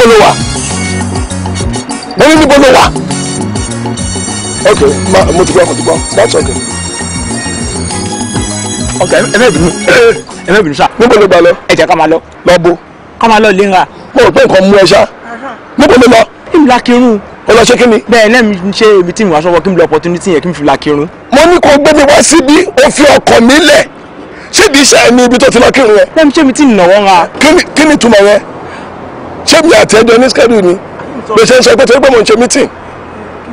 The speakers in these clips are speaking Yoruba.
níbo ló wà mo níbo ló wà ok mo ti gbọ́ mo ti gbọ́ that's ok. ọ̀gá ẹ mẹ́ sá. níbo ló gbà lọ. ẹ ká máa lọ. lọ bo. ká máa lọ léra. mo rò pé nǹkan mú ẹ ṣá níbo ló lọ. èmi la kírun. o lọ ṣe kí ni. bẹ́ẹ̀ náà mi ṣe ibi tí mi wá sọ́wọ́ kí mi lọ opportunity yẹn kí mi fi la kírun. mo ní kó gbé mi wá síbí ó fi mi lẹ̀ ṣé ibi iṣẹ́ mi ibi tó ti lọ kírun yẹn. lẹ́mi ṣé mi ti nàwọ́ ra. kí ni túmọ̀ yẹn ṣé mi àti ẹjọ́ ní schedule ni bó ṣe ń sọ pé torí pé mò ń ṣe meeting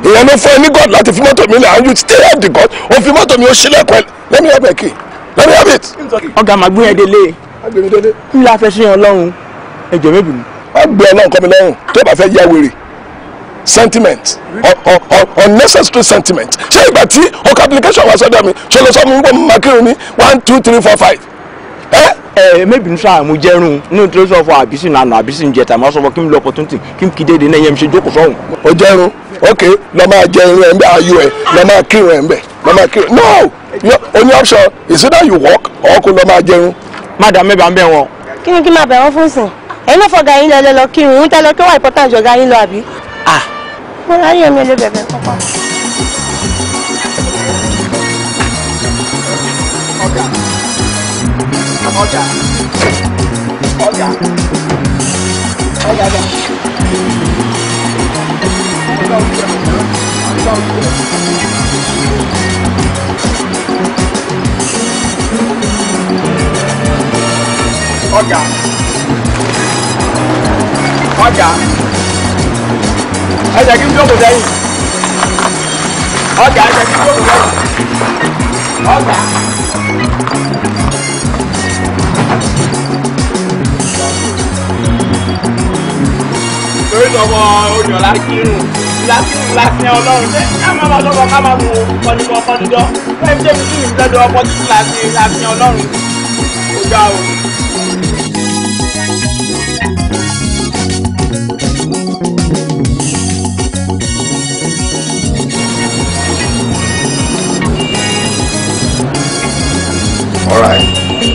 ìyẹn ló fún ẹ ní god láti fi mọ́tò mi lẹ̀ and you stay at the god o fi mọ́tò mi o ṣílẹ̀kùn ẹ let me have a key let me have it. ọ̀gá màá gbé yẹn délé n la fẹ́ ṣe yẹn lọ́rùn ẹ̀jọ̀ mi bìnú. wọ́n gbé ọlọ́run kọ́ mi lọ́rùn tó bá fẹ́ yá wèrè sentiment unnecessary sentiment ṣé ìgbà tí ọkọ̀ application wa sọ́dọ̀ mi ṣọlọ́sọ́ mi wọ́n máa kírun ní one two three four five ẹ mẹbi nso a mo jẹrun ní o tó sọ fọ àbísí nànà àbísí ń jẹta màá sọ fọ kí n lọ opportunity kí n kìdéde náà yẹn mi ṣe jókòó sọhùn. o jẹrun ok lọ máa jẹ irun ẹ ń bẹ ayọ ẹ lọ máa kírun ẹ ń bẹ lọ máa kírun no o ní option is it that you work or kò lọ máa jẹrun. má dà mẹ́bàá ń bẹ̀ wọn. kí ni kí máa bẹ̀ wọ́n fún sìn ẹ̀yin náà fọ̀gá yín lọ lọ kírun ń tẹ́ lọ kí wọ́n important jọ̀gá yín lọ àbí. ah mo ráyè mi lè bẹ̀bẹ̀ kọ́kọ́. Olha. Olha. Olha, olha. Olha o dia. Olha o dia. Olha. Olha. Olha aqui o jogo daí. Olha, cứu aqui o đây. daí. Olha. torí tọmọ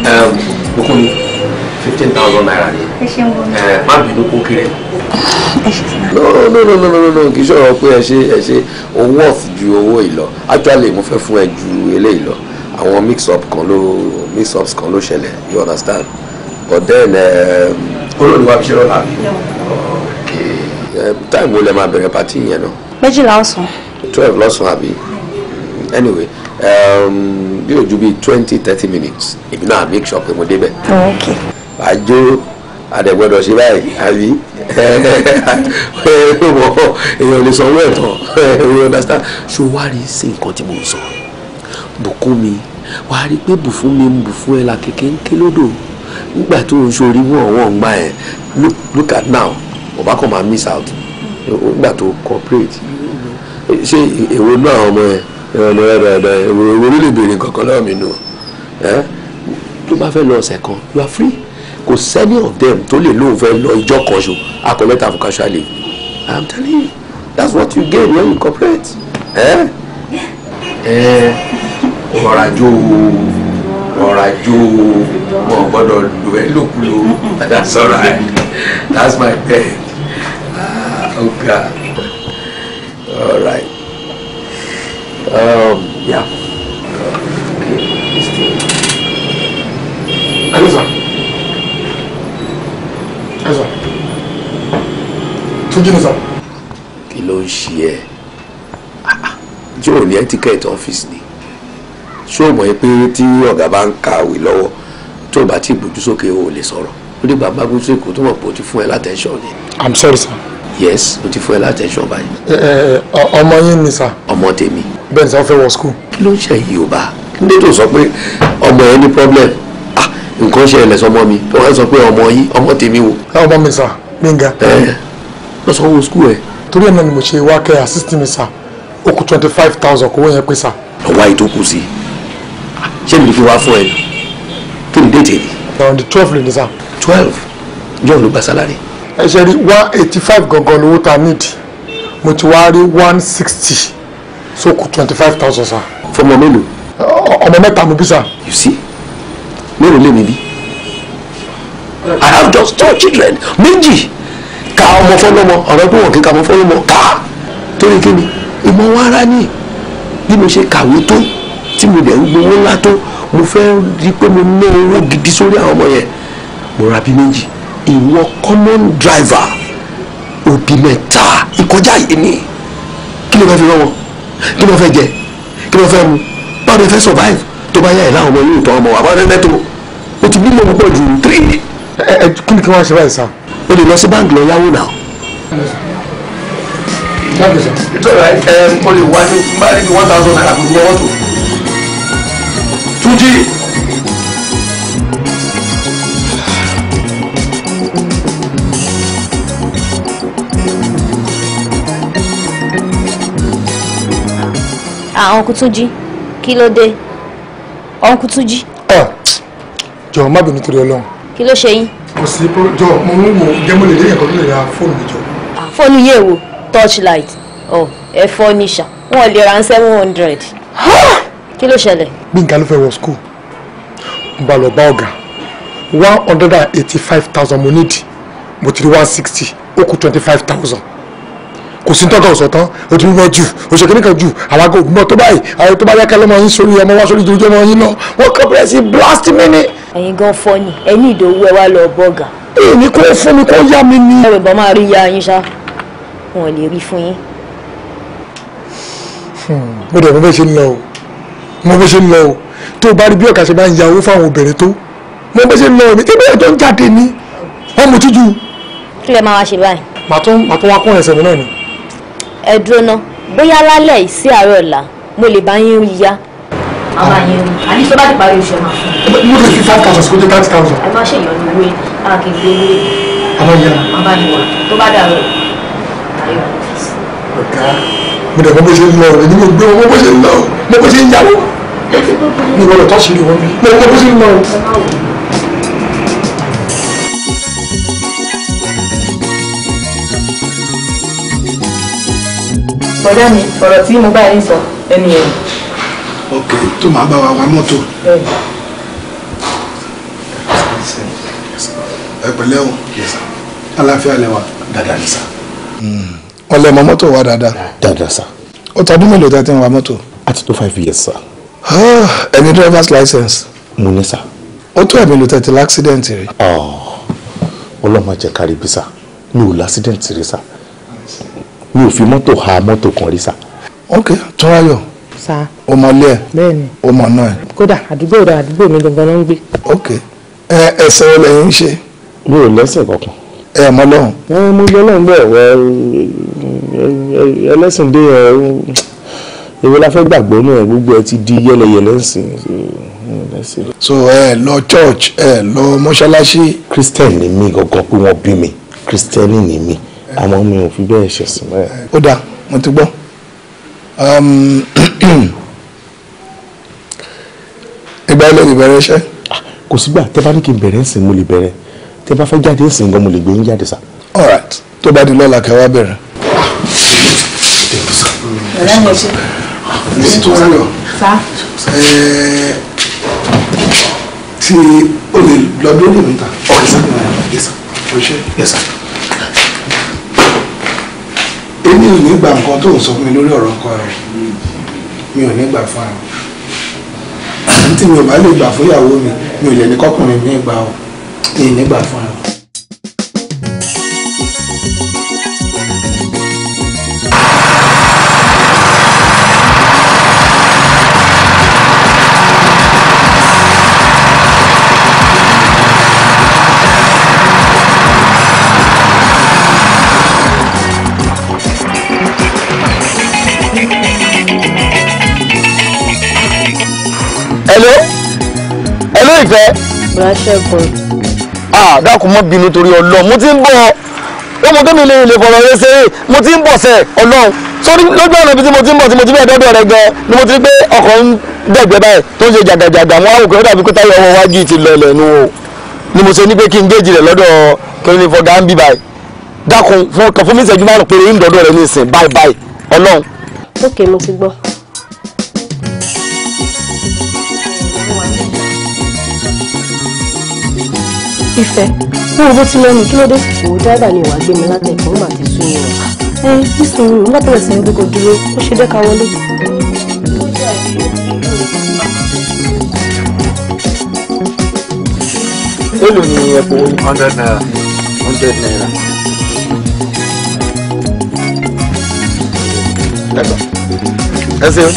Um, Bukumi, fifteen thousand naira ni. Ẹ ṣeun. Ẹ má no no no no no no kì í sọ̀rọ̀ pé ẹ ṣe ẹ ṣe o worth ju owó ìlọ actually mo fẹ́ fún ẹ ju eléyìí lọ àwọn mix up kan ló mix ups kan ló ṣẹlẹ̀ you understand but then olóòdìwà fi ṣe lọ́la time wo lẹ máa bẹ̀rẹ̀ pàtí yẹn náà. méjìlá ọ̀sán. twelve lọ́sàn àbí anyway um, bí o ju bíi twenty thirty minutes èmi náà make sure pé mo débẹ̀. àjò. Oh, àdẹ̀gbọ́dọ̀ ṣe báyìí àbí wọ èèyàn lè sanwó ẹ̀tọ́ you understand so wá rí sí nǹkan tí mo ń sọ bùkún mi wà á rí pé bùfún mi ń bùfún ẹ la kékeré ń ké lódò nígbà tó ń sori mú ọ̀wọ́n ń gbà ẹ̀ look at now ọba kan máa miss out nígbà tó cooperate ṣé èwo náà ọmọ ẹ ìrànlọ́rọ̀ èwo ló lè béèrè kankan náà mi nù ẹ tó bá fẹ́ lọ ọ̀sẹ̀ kan you are free kò sẹ́ni of them tó lè lóun fẹ́ lọ ìjọ kan ṣo akọ̀lẹ́ta for casual leave i'm telling you that's what you gain when you cooperate. ẹ ẹ ọ̀rọ̀ àjò ọ̀rọ̀ àjò wọn ò gbọ́dọ̀ lò ẹ́ lòkulò that's all right that's my pen ah ọ̀gá all right um, yeah. ẹ sọ tó jìnnà sọ. kí ló ń ṣe ẹ joe ah, ní etiquette office ni ṣó mọ̀ ẹ́ pé tí ọ̀gá bá ń kàwé lọ́wọ́ tó o bá ti gbójú sókè o ò lè sọ̀rọ̀ ó dìgbà bá gbójú sókè tó mọ̀ pé o ti fún ẹ látẹ̀ṣọ̀ ni. i'm sorry sir. yes o ti fún ẹ látẹ̀ṣọ̀ báyìí. ẹ ẹ ọmọ yín ni sir. ọmọ tèmi. bẹ́ẹ̀ ni sá fẹ́ wọ school. kí ló ń ṣe Yorùbá kí ló tó sọ pé ọmọ yẹn ní problem nǹkan ṣẹlẹ̀ sọmọ mi wọ́n sọ pé ọmọ yín ọmọ tèmi wò. ọmọ mi sà gbẹ̀ngà. ẹ lọ sọ wo skul ẹ. torí ẹ̀ náà ni mo ṣe wá kẹ́ assist mi sà ó kù twenty five thousand kówó yẹn pé sà. ọwọ́ àyè tó kù sí i ṣé mi fi wá fún ẹ kí ni déètì rí. ọ̀hún di twelve lè ní sà. twelve john ló gba salary. ẹ ṣe rí one eighty five gangan lówó tá need mo ti wá rí one sixty so kù twenty five thousand sà. fọmọ mélòó. ọmọ mẹ́ta mo bí sà. you see mélòó lè mi bí i have just two children méjì ka ọmọ fọlọmọ ọ̀rọ̀ pé wọn kì í ka ọmọ fọlọmọ ká torí kí ni ìmọ̀ wọn ara ní bí mo ṣe kàwé tó tí mo dẹ̀ ń gbowó ńlá tó mo fẹ́ rí i pé mo ná owó gidi sórí àwọn ọmọ yẹn mo ra bí méjì ìwọ common driver òbí mẹ́ta ìkọjá yìí ni kí ló fẹ́ fi rán wọn kí ló fẹ́ jẹ kí ló fẹ́ mu báwo ni ẹ fẹ́ survive tó bá yá ẹ̀ láwọn ọmọ yóò tọ́ ọmọ àbá rẹ̀ nẹ́tò o ti bímọ púpọ̀ ju three. ẹ ẹ kí ni kí wọ́n ṣe báyìí sá. o lè lọ sí báńkì lọ yáwó náà. it's um, o lè wá ní bá ní one thousand naira kò ní ọwọ́ tó. Túnjí. àwọn ah, kò tún jí kí ló dé ọ̀nkú tún jí. jọ má bínú torí Ọlọ́run. kí ló ṣe yín. kò sí jọ mo ń wo jẹ́mú lè léyìn kan ló fóònù mi jọ. Ah, fóònù yẹn wo torchlight ọ oh, ẹ fọ́ níṣà wọn lè ra seven hundred. kí ló ṣẹlẹ̀. Gbénga ló fẹ́ wọ school mo bá lọ bá ọ̀gá one hundred and eighty five thousand mo nídìí mo ti rí one sixty ó kù twenty five thousand kò sí tọ́gà ọ̀sọ̀ tán o ti wọ́n jù òṣèké nìkan jù àwọn àgọ́ òbí mọ́ tó báyìí àwọn tó bá yá kálọ́ mọ́ yín sórí ọmọ wá sórí ìjọba yín lọ wọ́n kọ́ bẹ̀rẹ̀ sí blast mi ni. ẹ̀yin gan fọ ni ẹni ìdòwú ẹ wá lọ bọgà. èmi kò fún mi kò yá mi ni. ẹ̀rọ ìbọn máa rí ya yín ṣá wọn ò lè rí fún yín. Hmm. mo dẹ̀ mo fẹ́ ṣe ń lọ o mo fẹ́ ṣe ń lọ o tó o bá rí bí ọ̀kà ṣe máa ń ya ẹ dúró ná bóyá lálẹ́ yìí sí àárọ̀ ọ̀la mo lè bá yín ya. àbá yẹn o àní tó bá ti parí oṣù ẹ máa fún mi. mo lè fi five thousand kó tó thirty thousand. ẹ má ṣe ìyọnu owó a kì í gbé owó. àbá yẹn. àbá yẹn wà tó bá dàrú ayọ̀. ọ̀gá mo dẹ̀ mọ̀ bó ṣe ń lọ rẹ̀ ní bó ṣe ń lọ mo bó ṣe ń yáwó mi ò lọ tọ́ sí ìwọ mi mo bó ṣe ń lọ rẹ̀. bọ́dá mi ọ̀rọ̀ tí mo bá yín sọ ẹni ẹ̀. ok tó máa bá wa wa mọ́tò. ẹ pẹ̀lẹ́ o aláfíà lẹ wà dáadáa ni sá. wọ́n hmm. lẹ mọ mọ́tò wa dáadáa. dáadáa sá. ó tọdún mélòó tẹ́ ti ń wa mọ́tò. a ti tó five years sá. Ah, ẹni driver's license. mo ní sá. ó tó ẹ̀mí ló tẹ́ ti láksidẹ̀ntì rí. Ah, ọlọ́mọ jẹ́ kárí bí sá mi ò láksidẹ̀ntì rí sá mi ò fi mọ́tò ha mọ́tò kan rí sà. ok túnráyọ̀ sa ọmọ ilé ẹ bẹ́ẹ̀ni ọmọ náà ẹ. kódà àdúgbò rẹ àdúgbò mi gangan ló ń gbé. ok ẹ ẹsẹ ọlẹ yìí ń ṣe. mi ò lẹ́ṣẹ̀ kankan. ẹ mọ lọhùn. ẹ mo yọ lọhùn bẹ́ẹ̀ wẹ ẹlẹ́sìn dé ẹ èwe la fẹ́ gbàgbọ́ náà gbogbo ẹ ti di yẹlẹyẹlẹ ńsìn so ẹ lọ church ẹ lọ mọ́ṣáláṣí. christian ni mí gangan pé wọ́n bí mi christian ni mí àmọ́ mi ò fi bẹ́ẹ̀ ṣe sí mẹ́ẹ̀. ó dáa mo ti gbọ́ um, ìgbà ilé lè bẹ̀rẹ̀ iṣẹ́. Ah, kò sígbà tẹ bá ní kí n bẹ̀rẹ̀ ń mo lè bẹ̀rẹ̀ tẹ bá fẹ́ jáde ń gan mo lè gbé yín jáde sá. all right tó bá di lọ́la kẹwàá bẹ̀rẹ̀. ọ̀rẹ́ mi ṣe. tí eh, o lè lọ dórí mi ta. ọ̀rẹ́ sá. yẹ́sà èmi ò ní gbà nǹkan tó ń sọ fún mi lórí ọ̀rọ̀ ọkọ rẹ̀ mi ò ní gbà fún àwọn tí mi ò bá lè gbà fún ìyàwó mi mi ò lè ní kọkùnrin mi gbà ọ́ ní gbà fún àwọn. hello hello ìfẹ́. Bùrọ̀ṣẹ́gun. ah dákun mọ́ bínú torí ọlọ́run mo ti ń bọ̀ ọ́ ọmọ tó mi lè lè fọ̀rọ̀ rẹ ṣeré mo ti ń bọ̀ sẹ́ ọlọ́run sórí lójú ọ̀nà ibi tí mo ti ń bọ̀ tí mo ti bẹ̀ẹ́ dọ́dọ̀ rẹ gan ni mo ti gbé ọkọ̀ ń dẹ̀gbẹ́ báyìí tó ń ṣe jàgàjàgà wọn àwòkọ́ ó dàbí pé táyọ̀ ọwọ́ wájú ti lọlẹ̀ nu o ni mo ṣe ní pé kí n géèjì rẹ̀ lọ́dọ̀ kìnìún fọ̀gá ń bì báyìí dákun fún mi ìṣẹ́jú márùn-ún péré ń dọ́dọ̀ rẹ ní ìsìn báyìí báyìí ọlọ́run. ókè mo ti gbọ́. ìfẹ́ fún owó tí lẹ́nu kí ló dé. òwò dáìbà ni ìwà gbé mi látẹ̀kọ́ ó mà ti sún yẹn. ẹ nísìnyí nígbà tó ẹsẹ̀ ń gbégo dúró ó ṣe dẹ́ka wọlé. èlò ni ẹ̀kọ́ hundred naira hundred naira. ẹ ṣeun.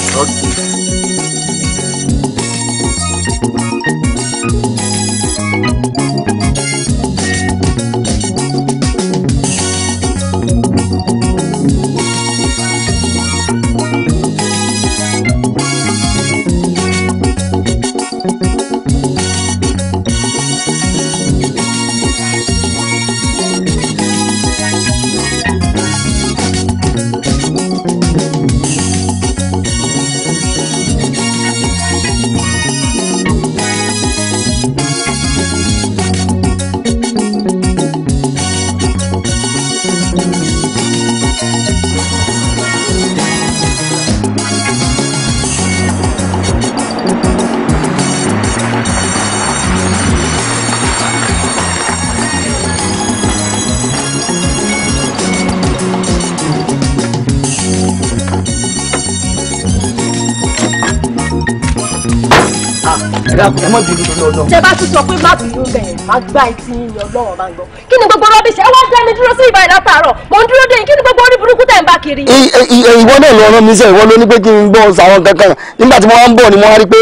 dàbò ẹ mọ bínú lórí Ọlọ́run. tẹ bá tún sọ pé má bínú bẹ̀rẹ̀ má gbá etí yín Ọlọ́run bá ìwọ náà lọ rán mi ìwọ ló ní pé kí n gbọ́ sàwọn kankan nígbà tí mo ń bọ̀ ni mo wá rí pé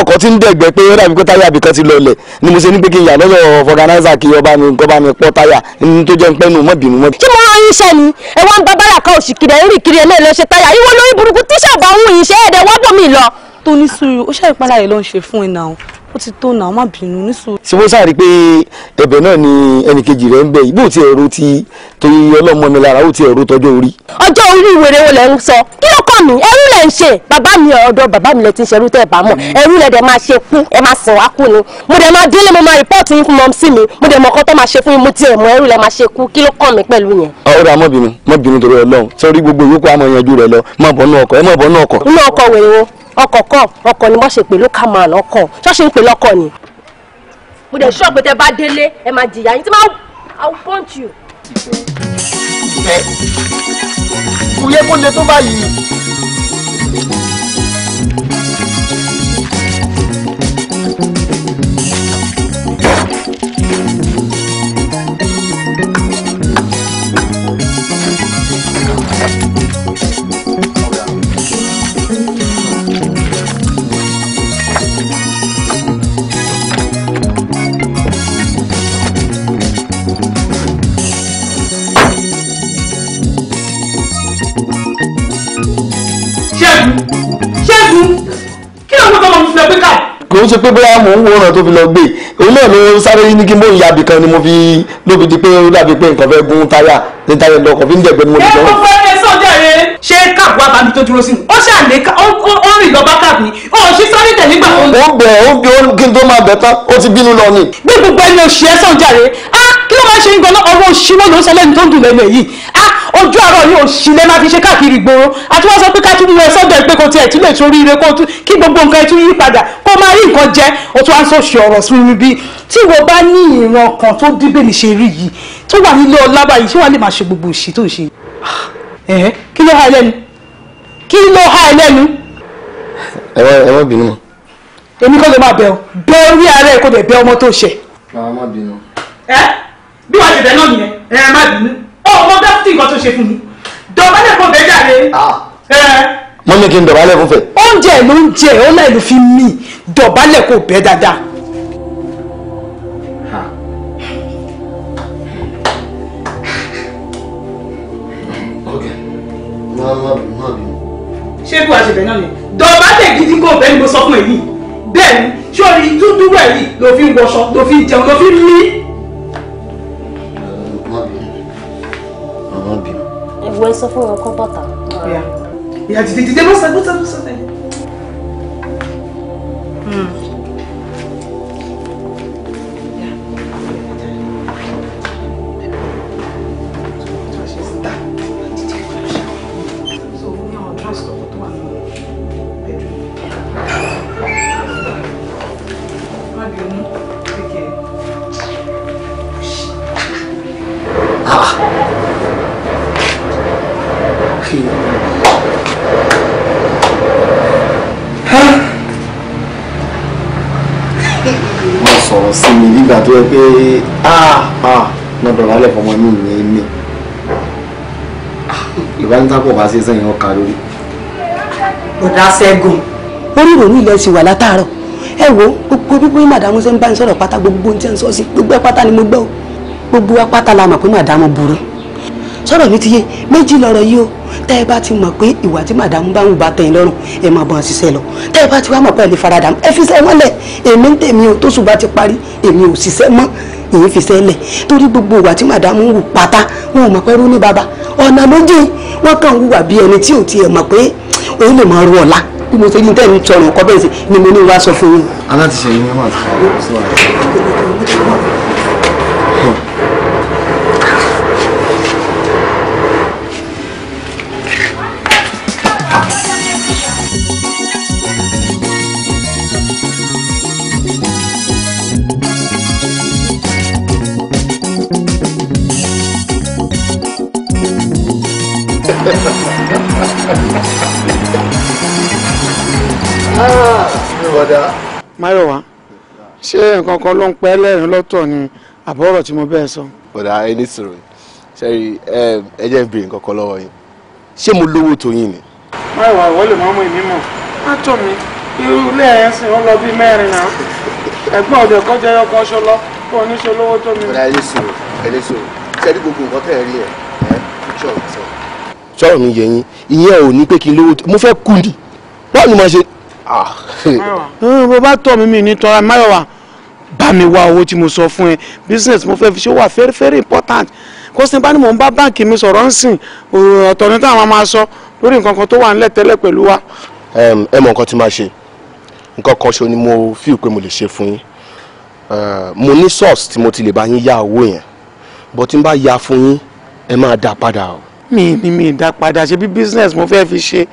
ọkọ̀ tí ń dẹ̀gbẹ́ pé rábì pé táyà àbíkan ti lọlẹ̀ ni mo ṣe ní pé kí n yà lọ́dọ̀ fọ̀gánáìsà kí ọba mi nǹkan bá mi pọ́ táyà ní tó jẹ́ ń pẹ́nu mọ́ bínú mọ́. kí mo rán yín iṣẹ́ ni ẹ wá ń bá bára kan òṣìkiri ẹ̀ ń rìn kiri ẹ̀ lẹ́ẹ̀lọ́ṣẹ́ táyà ìwọ lórí burúkú tíṣà bá ń wù yín ṣe ẹ̀ẹ́dẹ̀ tó ní sùúrù ó ṣàì pàlàyé ló ń ṣe fún ẹ náà ó ti tó náà má bínú ní sùúrù. ṣé wọ́n sáré pé ẹ̀bẹ̀ náà ni ẹnìkejì rẹ̀ ń bẹ̀ yìí bó ti ẹ̀rọ ti torí ọlọ́mọ mi lára ó ti ẹ̀rọ tọjọ́ orí. ọjọ́ orí ìwèrè wo lẹ ń sọ kí ló kọ́ mi ẹrú lẹ ń ṣe bàbá mi ọ̀dọ̀ bàbá mi lẹ ti ń ṣerú tẹ́ ẹ bá mọ̀ ẹrú lẹ dẹ̀ máa ṣe kú ẹ máa sàn wá kú ni mo dẹ̀ máa délé mo máa rìpọ́ọ̀tì yín fún mọ́mísì mi mo dẹ̀ mọ̀ ọkọ tó máa ṣe fún mi mo ti ẹ̀ mọ ẹrú lẹ máa ṣe kú kí ló kọ́ mi pẹ̀lú yẹn. ọ̀rọ̀ àmọ́bìnrin mọ́bìnrin torí ọlọ́run sọ ọkọ̀ kọ̀ ọkọ̀ ni wọ́n ṣe pè local man ọkọ̀ ṣọ́ọ̀ṣì ń pè lọ́kọ̀ ni. mo dẹ̀ ṣọ́ọ̀gbé tẹ bá délé ẹ máa jìyà yín tí máa I will punch you. ẹ kò yẹ kó le tó báyìí. ṣẹ́gun kí ló ń tọ́ka ọmọ mi fi lọ gbé káì. kò ń ṣe pé bóyá mò ń wo ọ̀nà tó fi lọ gbé òun náà ló sáré ní kí n bó ìyá abì kan ni mo fi lóbi di pé ó dàbí pé nǹkan fẹ́ gún táyà ní táyà lọkọ̀ fi ń jẹ̀gbẹ́ ni mo lè jọ. ẹ kó fẹ́ ẹ sọ ṣé káàpù wa bàbí tó dúró sí ó ṣàlè ó rìn lọ́ba káàpù ni ó ṣí sáré tẹ̀lé gbà. ó bẹ̀ ó bí ó kí n tó máa bẹ̀ tán ó ti bínú lọ ni. bí gbogbo ẹni oṣù ẹ sàn jàre á kí ló máa ń ṣe ń gan náà ọwọ́ òṣìwọ́ ló ń sọ lẹ́nu tó ń dùn lẹ́nu èyí á ah, ojú àárọ̀ yóò ṣì lẹ́ máa fi ṣe káàkiri ìgboro àti wọ́n sọ pé ká tún lọ sọ́dọ̀ pé kò tiẹ̀ tún lè torí ire kó tún kí gbogbo nǹkan ẹ yí padà kó máa rí nǹkan jẹ o tún á sọ ṣe ọ̀rọ̀ sí mi bí tí wo bá ní ìran kan tó dé bẹ́ẹ̀ ṣe rí yìí tó wà nílé ọlábà yìí ṣé wàá lè máa ṣe gbogbo òṣì tó ṣe ah, kí ló há ẹ lẹ́nu kí ló há ẹ lẹ́nu. ẹ wá bínú èmi kọ́ bí wàá ṣe bẹ̀ náà nìyẹn ẹ má bínú ọmọ dáfítì nǹkan tó ṣe fún mi dọ̀bálẹ̀ fún bẹ́ẹ̀ jáde ah. mo ní kí n dọ̀bálẹ̀ fún fẹ́. oúnjẹ ló ń jẹ ó lẹ́nu fi mí dọ̀bálẹ̀ kò bẹ́ dáadáa. ṣé bí wàá ṣe bẹ̀ náà ni dọ̀bálẹ̀ gidi kò bẹ́ ni mo sọ fún èyí bẹ́ẹ̀ ni sórí dúdú ẹ̀ yìí ló fi ń wọṣọ ló fi ń jẹun ló fi ń mí. ìwọ ẹ sọ fún wọn kọ́ ìyá tètè tètè ló yẹ ah nọdọ̀rọ̀ ah, alẹ́ fọmọ mi ní ní ìbánitápọ̀ bá ṣe sẹ́yìn ọkà lórí. bọ̀dá ṣẹ́gun. orí ìrònú ilẹ̀ ti wà látàárọ̀ ẹ wo gbogbo bí pé màdàmú ṣe ń bá ń sọ̀rọ̀ pátá gbogbo ohun tí ń sọ sí gbogbo ẹ pátá ni mo gbọ́ gbogbo ẹ pátá la mọ̀ pé màdàmú burú sọ̀rọ̀ mi ti yé méjì lọ́rọ̀ yìí o tẹ́ ẹ bá ti mọ̀ pé ìwà tí màdàmú bá ń gba tẹ̀yìn lọ́rùn ẹ máa bọ̀ ṣiṣẹ́ lọ tẹ́ ẹ bá ti wá mọ̀ pé ẹ lè faradà ẹ fi iṣẹ́ wọn lẹ̀ èmi ń tèmi o tóṣù bá ti parí èmi ò ṣiṣẹ́ mọ́ èyí fi iṣẹ́ lẹ̀ torí gbogbo ìwà tí màdàmú wù pátá wọn ò mọ̀ pẹ́rú ní baba ọ̀nà méjì wọn kàn wùwà bí ẹni tí ò tiẹ̀ mọ̀ pé òun lè máa ru ọ̀la bí mo ṣe ní tẹ́ ń sọ̀rọ̀ ọkọ bẹ́ẹ̀ sí ni mo ní wá sọ fún yín. aláàtìṣe yìí ni wọn àti fún ọ bọ̀dá. máyọ̀wá ṣé nǹkan kan ló ń pẹ́ lẹ́rìn lọ́tọ̀ ni àbọ̀rọ̀ tí mo bẹ́ẹ̀ sọ. bọ̀dá ẹ ní sùúrù sẹ́rí ẹ jẹ́ ń béèrè nǹkan kan lọ́wọ́ yín ṣé mo lówó tó yín ni. máyọ̀wá ìwọ lè máa mú èmi mọ̀ má tọ̀ mí irú ilé ẹ̀ ń sìn wọ́n lọ bíi mẹ́rin náà ẹ̀gbọ́n ọ̀dẹ̀ kọjá ọkọ̀ ṣọ kó o ní ṣe olówó tó mi. bọ̀dá ẹ ní sùúrù ẹ ní sùúrù sẹ́rí gbogbo nǹkan tẹ̀ rí ẹ̀ ẹ̀ ṣọ́ọ̀ mi yẹ yín ìyẹn ò ní pé kí n lówó mo fẹ́ kú ni báwo ni mo ṣe Ah. Eh, bó bá tọ̀ mí mi ní tọ́ra máyọ̀wá bá mi wá owó tí mo sọ fún ẹ business mo fẹ́ fi ṣe wà very very important kó sin bá ní mò ń bá báǹkì mi sọ̀rọ̀ ń sìn ọ̀tọ̀ ní táwọn máa sọ lórí nǹkan kan tó wà nílẹ̀ tẹ́lẹ̀ pẹ̀lú wa. ẹ mọ nǹkan tí máa ṣe nǹkan kan ṣo ni mo feel pé mo lè ṣe fún yín eh, mo ní source tí mo ti lè bá yín yá owó yẹn bó tí n bá ya fún yín ẹ máa dá padà o. mi ni mi dá padà ṣe bí business mo fẹ́ fi ṣe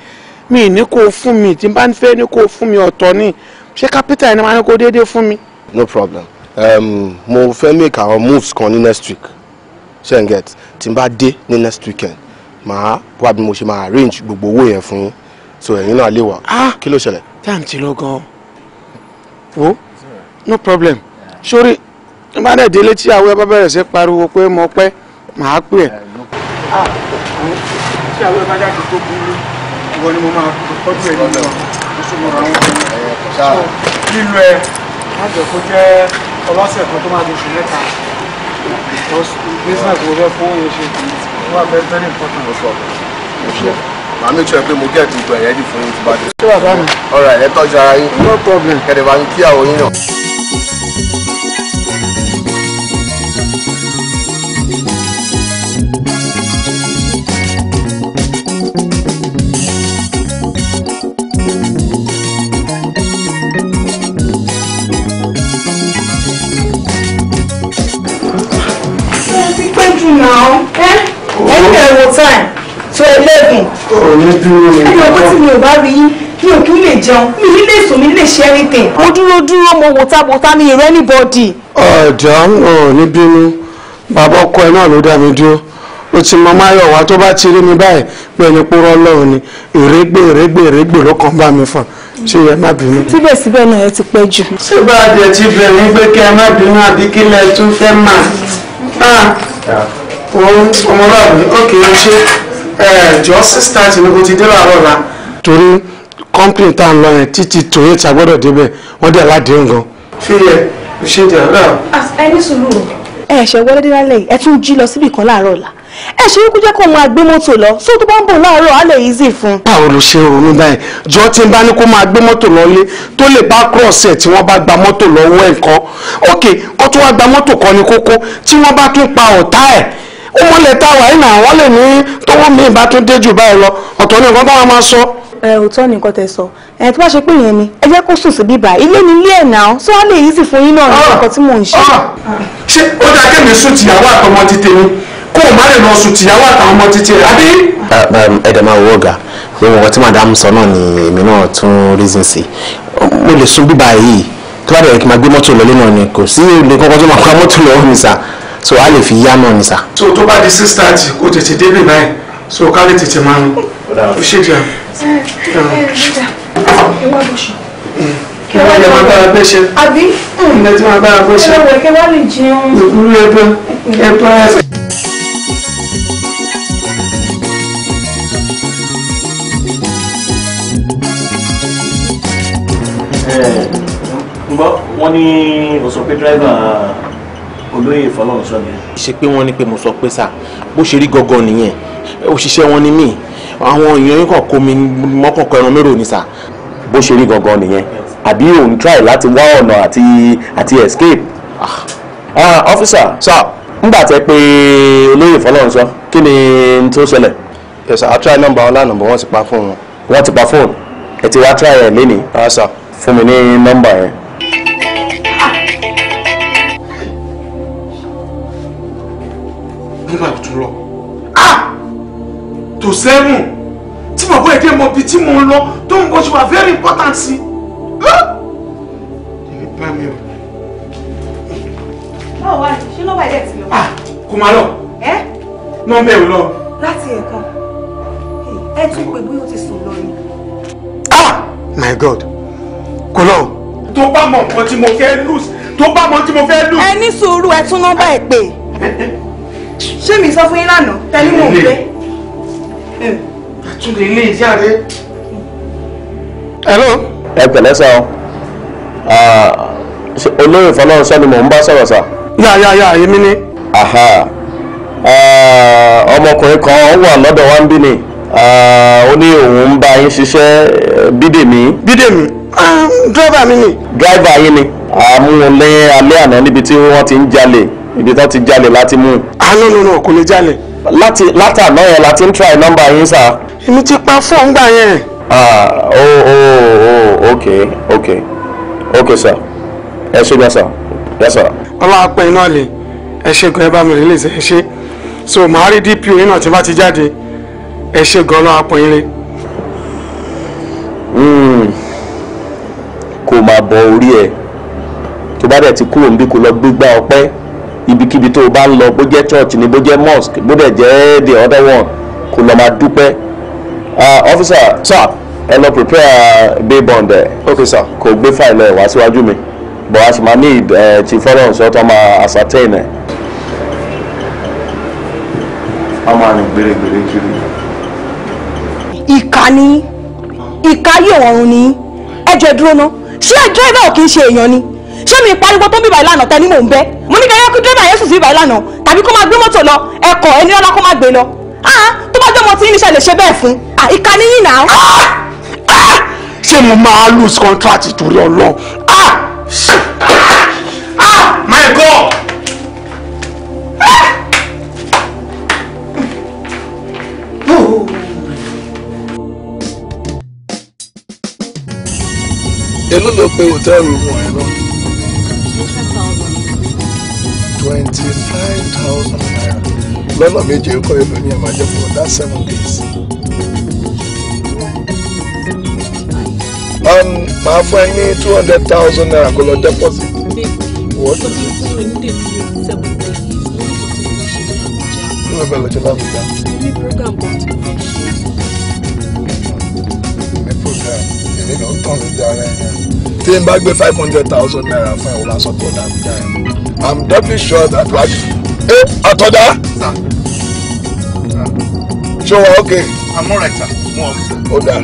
mi ní kó fún mi tí n bá fẹ́ ní kó fún mi ọ̀tọ̀ ni ṣé kápẹ́tà ẹni máa ní kó déédéé fún mi. no problem um, mo fẹ́ make our moves kan ní next week ṣe n get tí n bá dé ní next weekend màá wá bí mo ṣe máa arrange gbogbo owó yẹn fún yín so ẹ̀yin náà lè wà ah! kí ló ṣẹlẹ̀. time ti lọ gan-an wo no problem sórí n bá dẹ̀ délé tí àwọn ẹbá bẹ̀rẹ̀ sí pariwo pé mo pẹ́ màá pè ẹ́. tí ah, ah, àwọn ẹbá jáde tó burú ìwọ ni mo máa tọ́jú ẹ̀ nínú ìṣòro àwọn ọmọ lílo ẹ má jẹ́ kó jẹ́ ọlọ́sẹ̀ kan tó máa di oṣù mẹ́ta because business wo fẹ́ fún oye ṣe kì í wà very very important. màá mi sọ pé mo gẹ̀ẹ́tì gbẹ̀yẹ́dì fún yín tí bá dé. ṣé wàá bá mi. ẹ̀ tọ́jú ara yín. no problem. kẹ̀dẹ̀ bá ń kí àwọn yín náà. time to eleven. òní dúró ni. ẹni ọgbọ́n tí mi ò bá rí yín mi ò kí lè jẹun mi ní lè sùn mi ní lè ṣe anything. mo dúró dúró mo wò tábòtá mi ìrẹ́ ní bọ́ọ̀dì. ọ̀dọ́ òní bínú bàbá ọkọ ẹ náà ló dá mi dúró ó ti mọ máyọ̀ wá tó bá ti rí mi báyìí pé ẹni purọ́ lọ́run ni èrègbè èrègbè èrègbè ló kàn bá mi fọ̀ ṣé ẹ má bínú. síbẹ̀síbẹ̀ náà ẹ ti pẹ́ jù. ṣé bá a jẹ ti bẹ̀rù pé kí ẹ má bínú àbí kí lẹ tún fẹ́ máa ọmọláàbí òkè ń ṣe ẹ̀ẹ́dọ́ sísítà tí o ti dé láàárọ̀ la. torí kọ́ńpìnì tá a ń lọ yẹn títí tòye tí a gbọ́dọ̀ débẹ̀ wọ́n dẹ̀ ládìrín gan. fíyẹ ṣe jà náà. ẹni sùúrù. ẹ ṣẹ̀ wọlé dé lálẹ́ yìí ẹ tún jí lọ síbì kan láàárọ̀ la ẹ ṣe kú jẹ́ kó máa gbé mọ́tò lọ sóò tó bá ń bọ̀ láàárọ̀ á lè easy fún. báwo ló ṣe ronú báyìí jọ tí ń bá ní kó máa gbé mọ́tò lọ́lé tó lè bá cross ẹ̀ tí wọ́n bá gba mọ́tò lọ́wọ́ ẹ̀ kan ok kó tó wá gba mọ́tò kan ní kókó tí wọ́n bá tún pa ọ̀tá ẹ̀ ó mọ́lẹ̀ tá a wà yìí náà lè ní tówó mi ìbá tún dé jù báyìí lọ ọ̀tọ̀ ní nǹkan táwọn máa sọ. ẹ òótọ́ ni nǹkan tẹ sọ ẹ tó bá ṣe pé yẹn ni ẹ jẹ́ kó sùn sí bíbá ilé ni ilé ẹ̀ náà sọ wá lè yí sí fún yín náà ní ah, nǹkan tí mò ń ṣe. Ah. ṣé ó dáa kémi sùn tìyàwó àtọmọ ti tèmi kó o má lè lọ sùn tìyàwó àtàwọn títí rẹ àbí. Ah, um, ẹ dẹ̀ máa wọ ọ̀gá gbogbo tí madam sọ náà ni èmi náà reason sí mo lè sùn bíbá yìí tó bá dẹ̀ kí n máa gbé mọ́tò lọ́lé náà ni kò sí olè kọ́kọ́ tó máa kọ́ mọ́tò lọ́wọ́ mi sá so a lè fi yá náà ni sa. so tó bá di six thirty kó tètè débè báyìí so ká lè tètè máa rún ó ṣe jà. kí wọ́n lè máa bára bẹ́ ṣe. àbí ǹjẹ́ tí wọ́n bára bẹ́ ṣe. ẹ̀rọ wẹ̀ kí wọ́n lè jẹun. ìkúrú ẹ̀bẹ̀ ẹ̀bẹ̀. wọ́n ní òsòpé dírẹ́fà olóyè fọlọ́runṣọ́ ni. ṣe pé wọ́n ní pé mo sọ pé sà bó ṣe rí gangan nìyẹn òṣìṣẹ́ wọn ni mí àwọn èèyàn yín kàn kó mi mọ́kànkọ́ ẹran mérò ni sà. bó ṣe rí gangan nìyẹn àbí òun try láti wá ọ̀nà àti àti escape. ọ́fíṣà ah. ah, sà ńgbà tẹ pé olóyè fọlọ́runṣọ́ kí ni tó ṣẹlẹ̀. yes i try number one, number wọn ti pa fóònù. wọn ti pa fóònù ẹ ti wá try ẹ lénìí. Ah, fún mi ní nọ́mbà yẹn. nígbà tó lọ ah tó sẹ́rùn tí bàbá èdè mọ ibi tí mo ń lọ tó ń bọ́ wà very important sí i bá mi o. báwo wá ní ṣé nọ́mbà ẹ̀ ti lọ. ah kò máa lọ. ẹ. nọ́mbà ẹ̀ ò lọ. láti ẹ̀kan ẹ tún pè bóyá ó ti sùn lọ ni. ah my god kò lọ. tó bá mọ nǹkan tí mo fẹ́ lose tó bá mọ tí mo fẹ́ lose. ẹ ní sùúrù ẹ tún nọ́mbà ẹ pè. Eh, eh ṣé mi sọ fún yín lánàá tẹ́lí mò ń gbé. àtúndì ilé eh. ìyá rẹ. hello. ẹ pẹ̀lẹ́ sá o ah, olóyè fọlọ́run sọ́ni mò ń bá sọ̀rọ̀ sá. yà yà yà èmi ni. Ah, ọmọkùnrin kan wà lọ́dọ̀ wa ń bí ni ah, ó ní òun ń bá yín ṣiṣẹ́ bídèmí. bídèmí dírọ́bà mi ni. dírọ́bà yín ni àmúhun ní alẹ́ àná níbi tí wọ́n ti ń jalè ibi tán ti jalè láti mú. àánú ah, nínú kò lè jalè. láti látàná yẹn láti ń try number, yín sá. èmi ti pa fóònù gbà yẹn. ah oh oh oh okay okay okay sir ẹ ṣe gbọ́n sir yes sir. ọlọ́wà pẹ́ iná lè ẹ ṣe gan ẹ bá mi rè léṣe ẹ ṣe so màá rí dpo yín náà tí bá ti jáde ẹ ṣe gan ọlọ́wà pọ̀ yín rè. Hmm. kò máa bọ orí ẹ tó bá dẹ̀ ti kúrò níbí kó lọ gbégbá ọpẹ́ ibikíbi tó o bá ń lọ bó jẹ́ church ni bó jẹ́ mosque bó dẹ̀ jẹ́ the other one kò lọ́ọ́ máa dúpẹ́. Ah, officer sir ẹ lọ prepare uh, bail bond ẹ okay sir kò gbé fáìlì ẹ wá síwájú mi but as ma need uh, ti fọlọ́run sọ tó máa ascertain ẹ. a máa rìn gbèrègbèrè kiri. ìka ni ìka yóò ọrùn ni ẹjọ́ dúró ná ṣé ẹjọ́ ìbá ò kí ń ṣe èèyàn ni ṣé mi pariwo tó ń bíbà ìlànà tẹ ni mò ń bẹ mo ní kẹyọ kí dírẹ́bà yẹn sùn sí bíbà ìlànà tàbí kó máa gbé mọ́tò lọ ẹkọ̀ ẹni rárá kó máa gbé lọ ah, tó bá jẹ́ ọmọ tí níṣẹ́ lè ṣe bẹ́ẹ̀ fún ah, ìka níyìn náà. Ah! ṣé mo máa lose contract torí ọlọ́run my god. èló ló pe hòtẹ́ẹ̀lì wọn ẹ̀ náà twenty nine thousand naira lọ́nà méje ó kọ́ èlò ní jẹ́ for that seven days. Um, màá fún ẹ ní two hundred thousand naira kó lọ deposit. wọ́n ló bẹ̀rẹ̀ lọ́jọ́ lábùjá. ní program kan tí mo fẹ́ ṣe. ní program èmi náà tán lójú ara ẹ̀ tí n bá gbé five hundred thousand naira fún ẹ̀ wọ́n lásán tó dáa bí dáa. I'm doubly sure that right. Hey, Atoda. Sir. Ṣé o okay? I'm alright sir. Mo wà sir. Ó dà.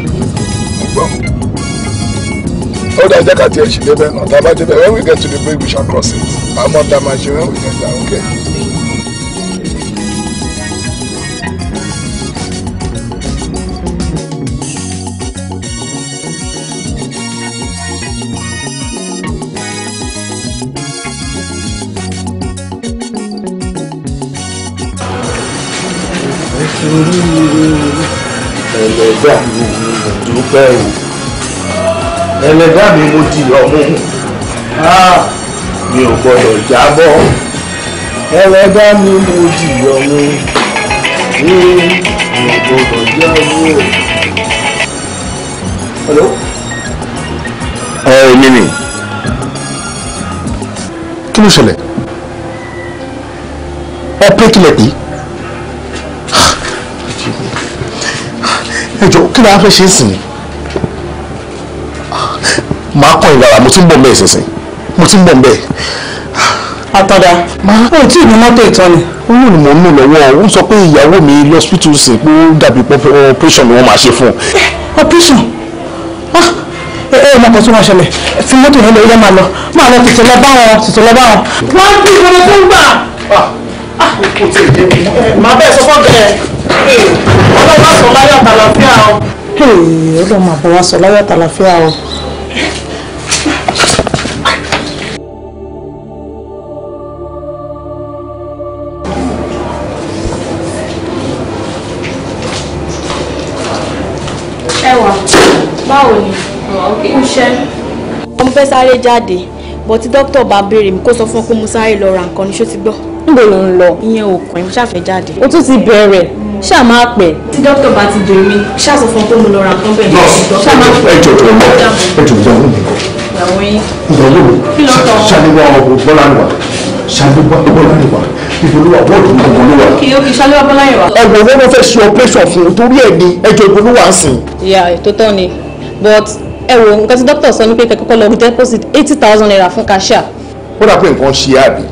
Ó dà jẹ́ ká tiẹ̀ ṣì débẹ̀ náà. Tá a bá débẹ̀ when we get to the bridge we shall cross it. I'm ọ̀dà máa ṣe when we get there okay. dúpẹ́ o ẹlẹ́dá mi mo ti lọ mú mi ò gbọ́dọ̀ jábọ́ ẹlẹ́dá mi mo ti lọ mú mi ò gbọ́dọ̀ jábọ́. Hello? ẹ ẹ mímì kí ló ṣẹlẹ̀ ẹ pé kílẹ̀ pé. ẹjọ kí ni a fẹ́ ṣe é sìn ni máa kàn ìlara mo ti ń bọ̀ mbẹ́ ìsinsìn mo ti ń bọ̀ mbẹ́. àtàdá o tí ì ní mọ́tò ìtàn ni. olú ni mò ń nù lọ́wọ́ ó sọ pé ìyàwó mi lọ́sítù sí pé ó dàbí operation ni wọ́n máa ṣe fún un. Eh, operation ah, ẹ ẹ mọ̀kàn tó máa ṣẹlẹ̀ fi mọ́tò yẹn lọ ilé máa lọ máa lọ tètè lọ bá wọn tètè lọ bá wọn. wọ́n ń bí ìfọwọ́ tó ń gbà. Ah, ah, eh, màá bẹ́ẹ̀ sọ fọ́ọ̀gẹ̀ eh, ọlọ́run àsọ̀láyà o. ọlọ́run àbọ̀wá sọ̀láyà tàlàfíà o ẹwà báwo ni ó ṣe. mo fẹ́ sáré jáde bọ́ tí dókítà bá béèrè mi kó sọ fún ọ pé mo sáré lọ ra nǹkan ní ṣó ti gbọ́. níbo ló ń lọ. ìyẹn ò kàn mo ṣàfẹ́ jáde. o tún ti bẹ̀rẹ̀ ṣáà máa pẹ́. tí dókítà bá ti béèrè mi ṣáà sọ fún ọ pé mo lọ ra nǹkan bẹ́ẹ̀ ní ṣó ti gbọ́. ṣáà máa pẹ́ ẹjọ́ tó ń bọ̀ ẹjọ́ tó ń bọ̀ ìyàwó yín. ìyàwó wọn fẹ́ ṣe operation fún un torí ẹ̀ ni ẹjọ́ ìgbòlúwà ń sìn. ìyá ètò ni but ẹ wo nǹkan tí dókítà sọ ni pé kẹ́kọ̀ọ́ lọ deposit eighty thousand naira fún cashier. ó dà pé nǹkan ṣe àbí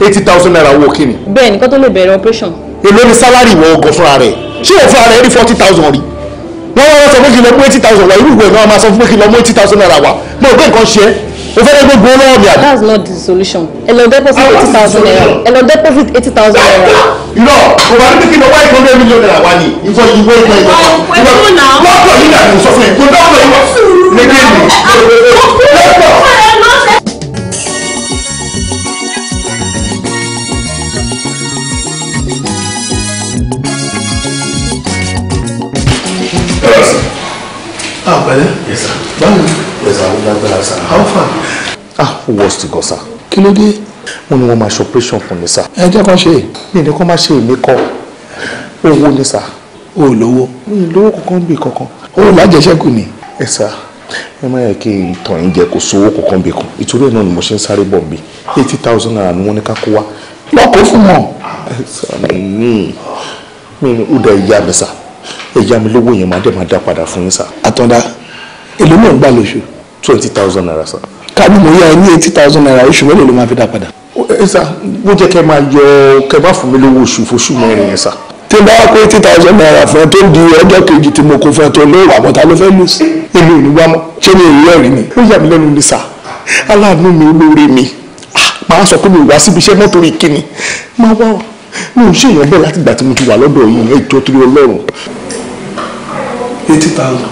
eighty thousand naira owó kíni. bẹ́ẹ̀ ni tó lè bẹ̀rẹ̀ operation. èló ni sálárì wọ ọgọ fúnra rẹ̀ ṣé òfúra rẹ̀ rí forty thousand rí wọ́n wá wọ́n sọ pé kí n lọ mú eighty thousand wá irú ìwé náà máa sọ fún pé kí n lọ mú eighty thousand naira wá mo rò pé nǹkan ṣe é o fẹ́ gbogbo lọ́wọ́ mi àbí. that's not the solution ẹ lọ deposit eighty thousand naira ẹ deposit eighty thousand naira. Ah, irọ́ kò wá ní kí n lọ wá ìkọ́lé mílíọ̀nù naira wá ní ìfọ ìwé ìwé ìwé ìwé lọ́pọ̀ yìí dàbí sọ fún ẹ̀ kó dáwọ́ ìwọ pẹ̀lẹ́. báwo ẹ̀sà ó lágbára sá. how far. ah worst go sá kí ló dé wọn ni wọn máa ṣe operation fún mi sá. ẹ jẹ́ kán ṣe mí ni kán máa ṣe èmi kọ́ owó ni sá. o lówó. mi lówó kankan bí kankan. o lájẹsẹ́kù ni. ẹ sá ẹ má yẹ kí n tàn yín jẹ kó sówó kankan bí kan ìtúrú ẹ̀ náà ni mo ṣe ń sáré bọ̀ bí eighty thousand naira ni wọ́n ní ká kó wá. lọ́kọ̀ọ́ fún wọn. ẹ sá mi ní mi ìyá mi sá ẹ yá mi lówó yẹn máa dẹ̀ máa dá padà fún yín sà. àtọ́ndá èlò náà ń gbà lóṣù. twenty thousand naira sà. káàdì mo yá ẹ ní eighty thousand naira oṣù mélòó ló máa fi dá padà. ẹ sà mo jẹ́ kẹ́ máa yọ kẹ́ bá fún mi lówó oṣù fóṣù mẹ́rin yẹn sà. tí n bá kó eighty thousand naira fún ẹ tó di ọjọ́ kejì tí mo kó fún ẹ tó lé ìwà bọ́ta ló fẹ́ lù sí. èmi ò ní wá mọ́ ṣé mi ò rí ẹ̀rí ni. ó yà mí lẹ́nu ni sà aláàánú mi olóore mi ah, máa sọ pé mi ò wá síbi iṣẹ́ mọ́tò rí máa wá mi ò ṣèyàn bẹ́ẹ̀ láti gbà tí mo ti wà lọ́dọ̀ yìí ẹjọ́ torí ọlọ́run eighty thousand.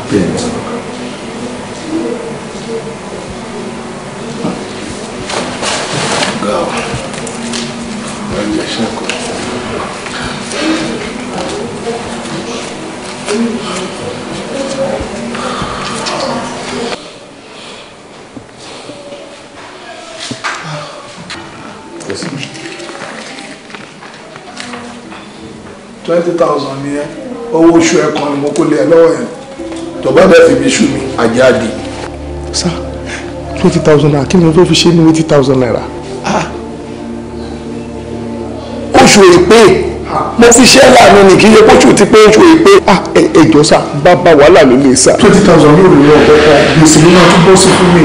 twenty thousand here owó oṣù ẹ̀kan ni mo kó lé ẹ lọ́wọ́ yẹn tó bá bẹ́ẹ̀ fi bí iṣu mi àjẹ́ àdì. sá twenty thousand naira kí ni mo fẹ́ fi ṣe ní eighty thousand naira. oṣù èpè mo fi ṣẹ́ láàánú ni kí iye kóṣù ti pé oṣù èpè. Ah, ẹjọ sá bàbá wàhálà ló lè sá. twenty thousand yóò lè lọ ọ̀pọ̀ kan gbèsè mi náà tún bọ́ sí fún mi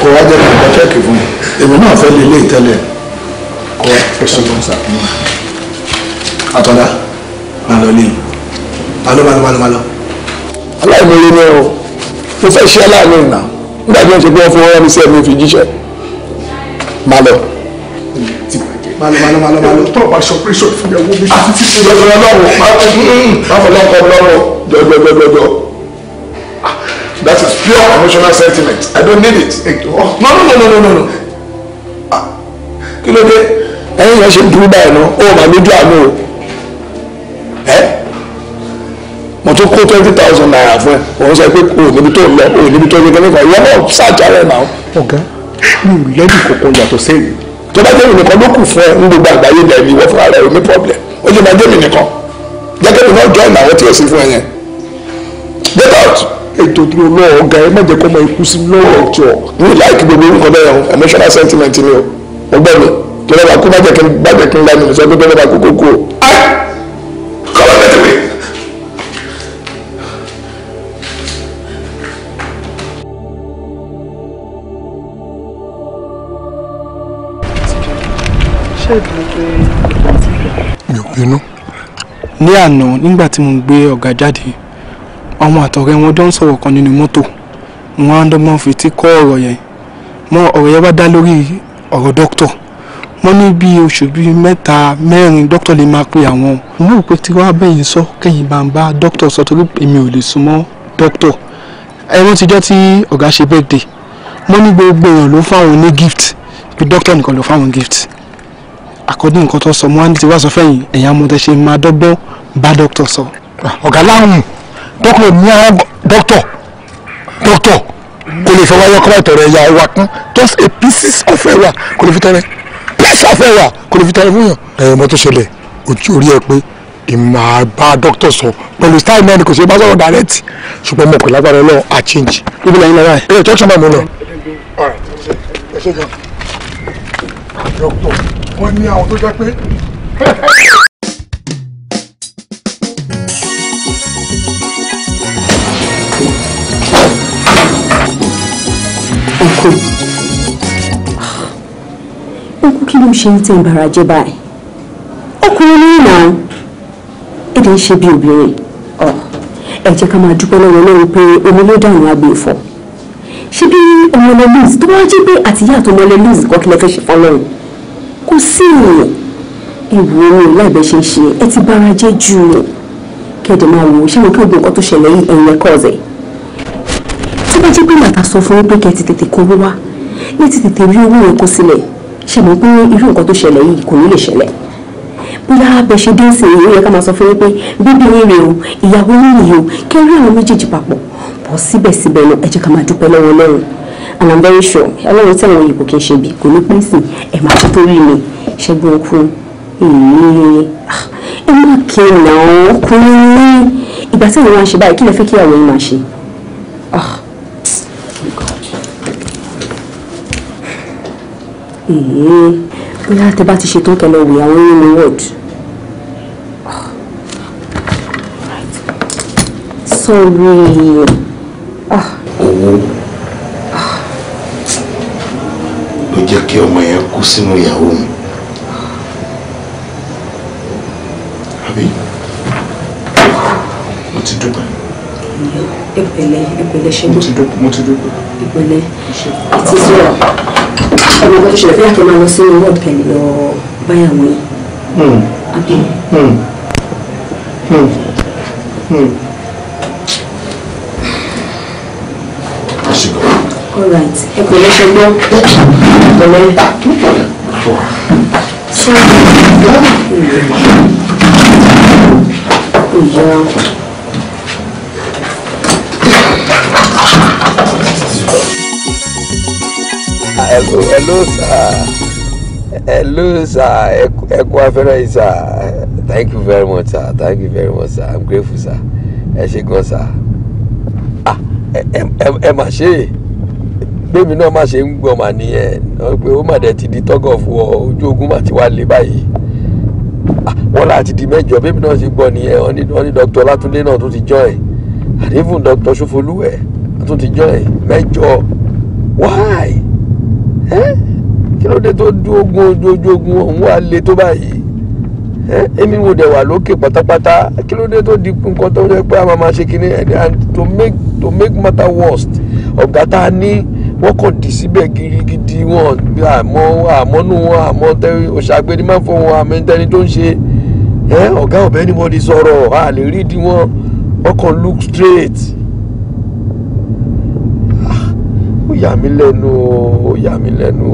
kò wá jẹ́ kàǹkà ṣẹ́ẹ̀kì fún mi èmi náà fẹ́ lè lé ìtẹ́lẹ̀ kọ́ ẹ̀ṣọ́ lọ́sà àtọ́lá màá lọ léyìn alo malo malo malo. aláìmọye ni o mo fẹ́ ṣe aláàánú ìnà nígbà tí wọ́n ṣe pé wọ́n fi wọ́n rán mi sí ẹ̀mí fi jíṣẹ́ má lọ. malo malo malo malo. tó o bá sọ pé sọ̀rọ̀ fún that is pure emotional sentiment i don't need it. no no no no no no. Ah, kí ló dé ẹ̀yin yẹn ṣe ń dúró báyìí náà ó máa lójú àánú o mo tún kó twenty thousand naira fún ẹ òun sọ pé o níbi tó lọ o níbi tó gbẹgbẹ nípa ìyá náà ṣáàjà rẹ náà. ọ̀gá mi ò lẹ́nu kankan yàtọ̀ sẹ́yìn. tó bá jẹ́ mi nìkan ló kù fún ẹ ní gbogbo àgbáyé ilẹ̀ mi wọ́n fúnra rẹ o ní problem ó jẹ́ máa jẹ́ mi nìkan jẹ́kẹ́ mi náà jọ ìnà àwọn tí ò sí fún ẹ yẹn. get out. ètò tó lọ ọ̀gá ẹ má jẹ́ kó máa ikú sí lọ́wọ́ ọ̀jọ̀. mi ì láìkí gbogbo orúkọ bẹ́ẹ̀ o emotional sentiment ni o ọgbẹ́ mi kí lọ́ba kú má jẹ́ kí n lánàá mi sọ pé kí lọ́ba kú kó kú o. You bínú ní àná nígbà tí mo ń gbé ọ̀gá jáde ọmọ àtọ̀rẹ́ wọn jọ ń sọ̀rọ̀ kan nínú mọ́tò wọn á dọ́gbọ́n fi tí kọ́ ọ̀rọ̀ yẹn mọ ọ̀rọ̀ yẹn wá dá lórí ọ̀rọ̀ dókítọ̀ wọ́n ní bí oṣù bíi mẹ́ta mẹ́rin dókítọ̀ lè máa pe àwọn. mo rò pé tí wàá bẹ̀yìn sọ kẹ́yìn bá ń bá dókítọ̀ sọ torí èmi ò lè súnmọ́ dókítọ̀ ẹ̀rọ tíjọ́ tí ọ̀gá ṣe birthday mo ní gbogbo èèyàn ló fáwọn ní gift bí dókítọ̀ nìkan ló fáwọn gift according nǹkan tó sọ mo wá ní ti wá sọ fẹ́yìn ẹ̀yà mo tẹ ṣe máa dọ́gbọ́n bá dókítà sọ. ọ̀gá láwùn dókítà ní àwọn dókítà dókítà kò lè fẹ́ wáyé ọkọ báyìí tọrọ ẹ̀yà ẹ̀wà kan just a pieces of ẹ̀wà kò lè fi tọrẹ pieces of ẹ̀wà kò lè fi tọrẹ fún yàn. ẹ̀yẹ mo tó ṣẹlẹ̀ ojú orí ẹ pé ìmọ̀ àgbà dókítà sọ pẹ̀lú style náà ni kò ṣe bá sọ̀rọ̀ direct ṣùgbọ́n mo pè lágbára ọlọ́run a change. gbogbo ẹ̀yin lára ẹ̀. ẹ̀ tọ́kítà máa mú un lọ. ẹ ṣe gan dọ́kítọ̀ wọ́n ní àwọn tó jẹ́ pé. Ogun kí ló ń ṣe ń tẹ ìbára jẹ báyìí? Ọkùnrin ní ìlà èdè ń ṣe bí obìnrin. Ẹ jẹ́ ká máa dúpẹ́ lọ́wọ́ lórí pé omi ló dáhùn agbèfọ̀. Ṣé bí ọmọ lẹ́lẹ́sì tó wá jẹ́ pé àtìyá àtọmọ lẹ́lẹ́sì kọ́kílẹ́ fẹ́ ṣe fọ́lọ́run? kó sí ìwò ìwò ni láìbẹ̀ ṣe ṣe ẹ ti bára jẹ́ jù ú kẹ́ẹ̀dẹ̀ máa wò ó ṣé wọn kí oògùn nǹkan tó ṣẹlẹ̀ yìí ẹ̀yìn ẹ̀kọ́ ọ̀sẹ̀. tó bá jẹ́ pé màtá sọ fún yín pé kẹ́ẹ̀ ti tètè kówó wá ní ti tètè rí owó yẹn kó sílẹ̀ ṣe mọ̀ pé irú nǹkan tó ṣẹlẹ̀ yìí kò ní lè ṣẹlẹ̀ bóyá abẹ ṣe dé sí ká máa sọ fún pé bíbí yín rèé o ìyàwó yín rèé o kẹ́rí àwọn méjèèjì papọ̀ bọ́ síbẹ̀síbẹ̀ náà ẹ ká máa dúpẹ́ lọ́wọ́ lẹ́rùn and i'm very sure ọlọ́run tẹ̀lé wọn ìbò ṣe bí kò ní pín sí ẹ̀ máa tó torí mi ṣẹ́gun kú èyí ẹ má kí n nà kú ní ìgbà tí àwọn máa ṣe báyìí kí lè fẹ́ kí àwọn yìí máa ṣe. Ah. bóyá tẹ bá ti ṣe tó kẹlẹ òwe àwọn yìí ní word. Ah. sorry. Ah. jẹ́ kí ọmọ yẹn kú sínú ìyàwó mi. àbí mo ti dúpẹ́. ìpìlẹ̀ ìpìlẹ̀ ṣe mọ́. mo ti dúpẹ́ mo ti dúpẹ́. ìpìlẹ̀ àti sọ̀rọ̀ ọmọ ọgbọ́n tó ṣẹlẹ̀ fẹ́yà kí n máa lọ sínú wọ́ọ̀dù pẹ̀lú lọ báyàwó yẹn. Hmm. àbí. Hmm. Hmm. alright ẹ kò lè ṣe gbọ́ pẹ̀lẹ́. ìyá. hello hello sir hello sir ẹ kú afẹ́rẹ́ yìí thank you very much sir thank you very much sir i'm grateful sir As ṣé gan sir ah M ẹ ẹ mà ṣe é gbẹ̀mí náà má ṣe ń gbọ́ mà nìyẹn pé ó mà dẹ̀ ti di tọ́gọ̀ fún ọ ojú ogun mà ti wá lé báyìí ah, wọ́n láti di mẹ́jọ bẹ́ẹ̀mí náà ṣe gbọ́ nìyẹn wọ́n ní dr látúndé náà tó ti join and even dr sofolúwẹ̀ tó ti join mẹ́jọ why kí ló dé tó dún ogun ojú ojú ogun òun wà lé tó báyìí èmi wò dẹ̀ wà lókè pátápátá kí ló dé tó di nǹkan tó yẹ pé a máa ṣe kinní and to make to make matter worst ọ̀gá tá a wọ́n kàn dì síbẹ̀ gidigidi wọn àmọ́ àmọ́nú wọn àmọ́ òṣàgbéni máa ń fọ wọn àmẹ́ntẹ́ni tó ń ṣe ẹ ọ̀gá ọ̀bẹ ni mo di sọ̀rọ̀ a lè rí di wọn wọ́n kàn look straight ah, ó yà mí lẹ́nu ó yà mí lẹ́nu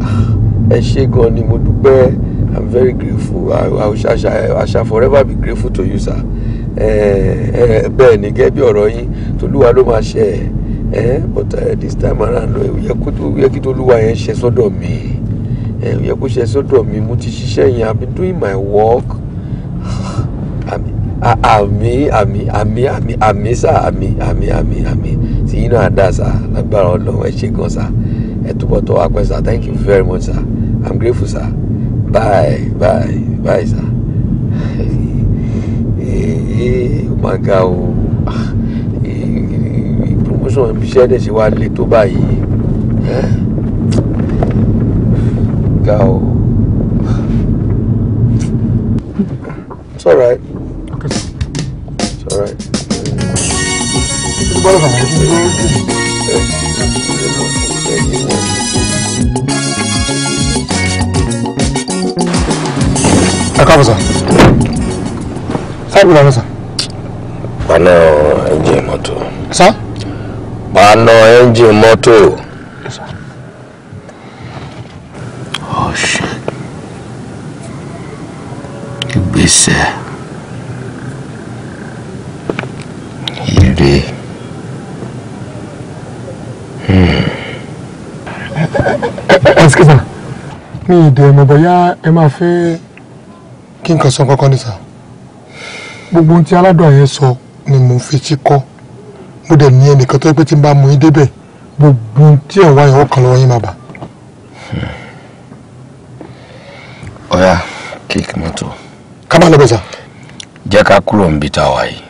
ah, ẹ ṣé gan ni mo dúpẹ́ i'm very grateful i shall i shall forever be grateful to you sir ẹ ẹ bẹ́ẹ̀ ni gẹ́gẹ́ bí ọ̀rọ̀ yín tolúwa ló máa ṣe ẹ̀ ẹ but uh, this time around eh, ó yẹ kó ó yẹ kí tolúwa yẹn ṣe sọ́dọ̀ mi ẹ eh, ó yẹ kó ṣe sọ́dọ̀ mi mo ti ṣiṣẹ́ yẹn i've been doing my work àmì àmì àmì àmì àmì sá àmì àmì àmì àmì sí yín náà dá sá lágbára Ọlọ́run ẹ ṣe gan sá ẹ túbọ̀ tọ́ wa pẹ́ sá thank you very much sá i'm grateful sá bye bye bye sá. Hey, hey, oh my God. Oh sùn ibi iṣẹ́ dẹ̀ ṣe wá lé tó báyìí ga o. It's right. Okay. It's right. What about ẹ káàbọ̀ sà sáà gbọ́dọ̀ sà. paná paná ẹ́ńjìn mọ́tò. ọ̀ṣẹ́ oh, ìgbésẹ̀ ire. Hmm. excuse me mi ì dẹ̀ mọ̀ bóyá ẹ máa fẹ́ kí n kàn sọ kankan ní sà gbogbo ohun tí aládùn àyẹ̀ sọ ni mò ń fetí kọ́ mo dẹ̀ ní ẹnìkan tó yẹ pé tí n bá mú yín débẹ̀ gbogbo tí ẹ̀ ń wá yẹn wọ́n kàn lọ́wọ́ yín máa bà. ọ̀yà kéèkì mọ́tò. ká má lọ bẹ̀ sà. jẹ́ ká kúrò níbi tá a wà yìí.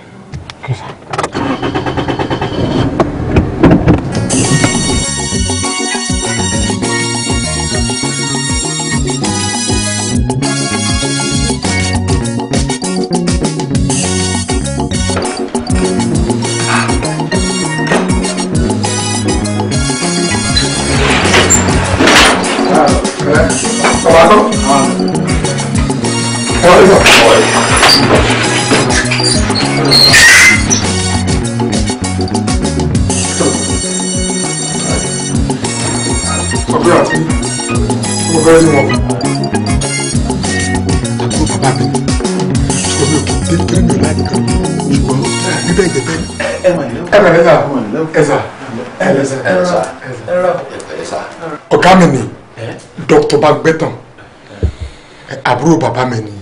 very warm. àbúrò bàbá mi ṣùgbọ́n mi ò kékeré mi ò láì nìkan ṣùgbọ́n bíbẹ̀ ìjẹ̀bẹ̀. ẹ mà ní sà ẹ sà ẹ lẹ sà ẹ sà ẹ sà. ọ̀gá mi ni dr Bagbetan àbúrò bàbá mi ni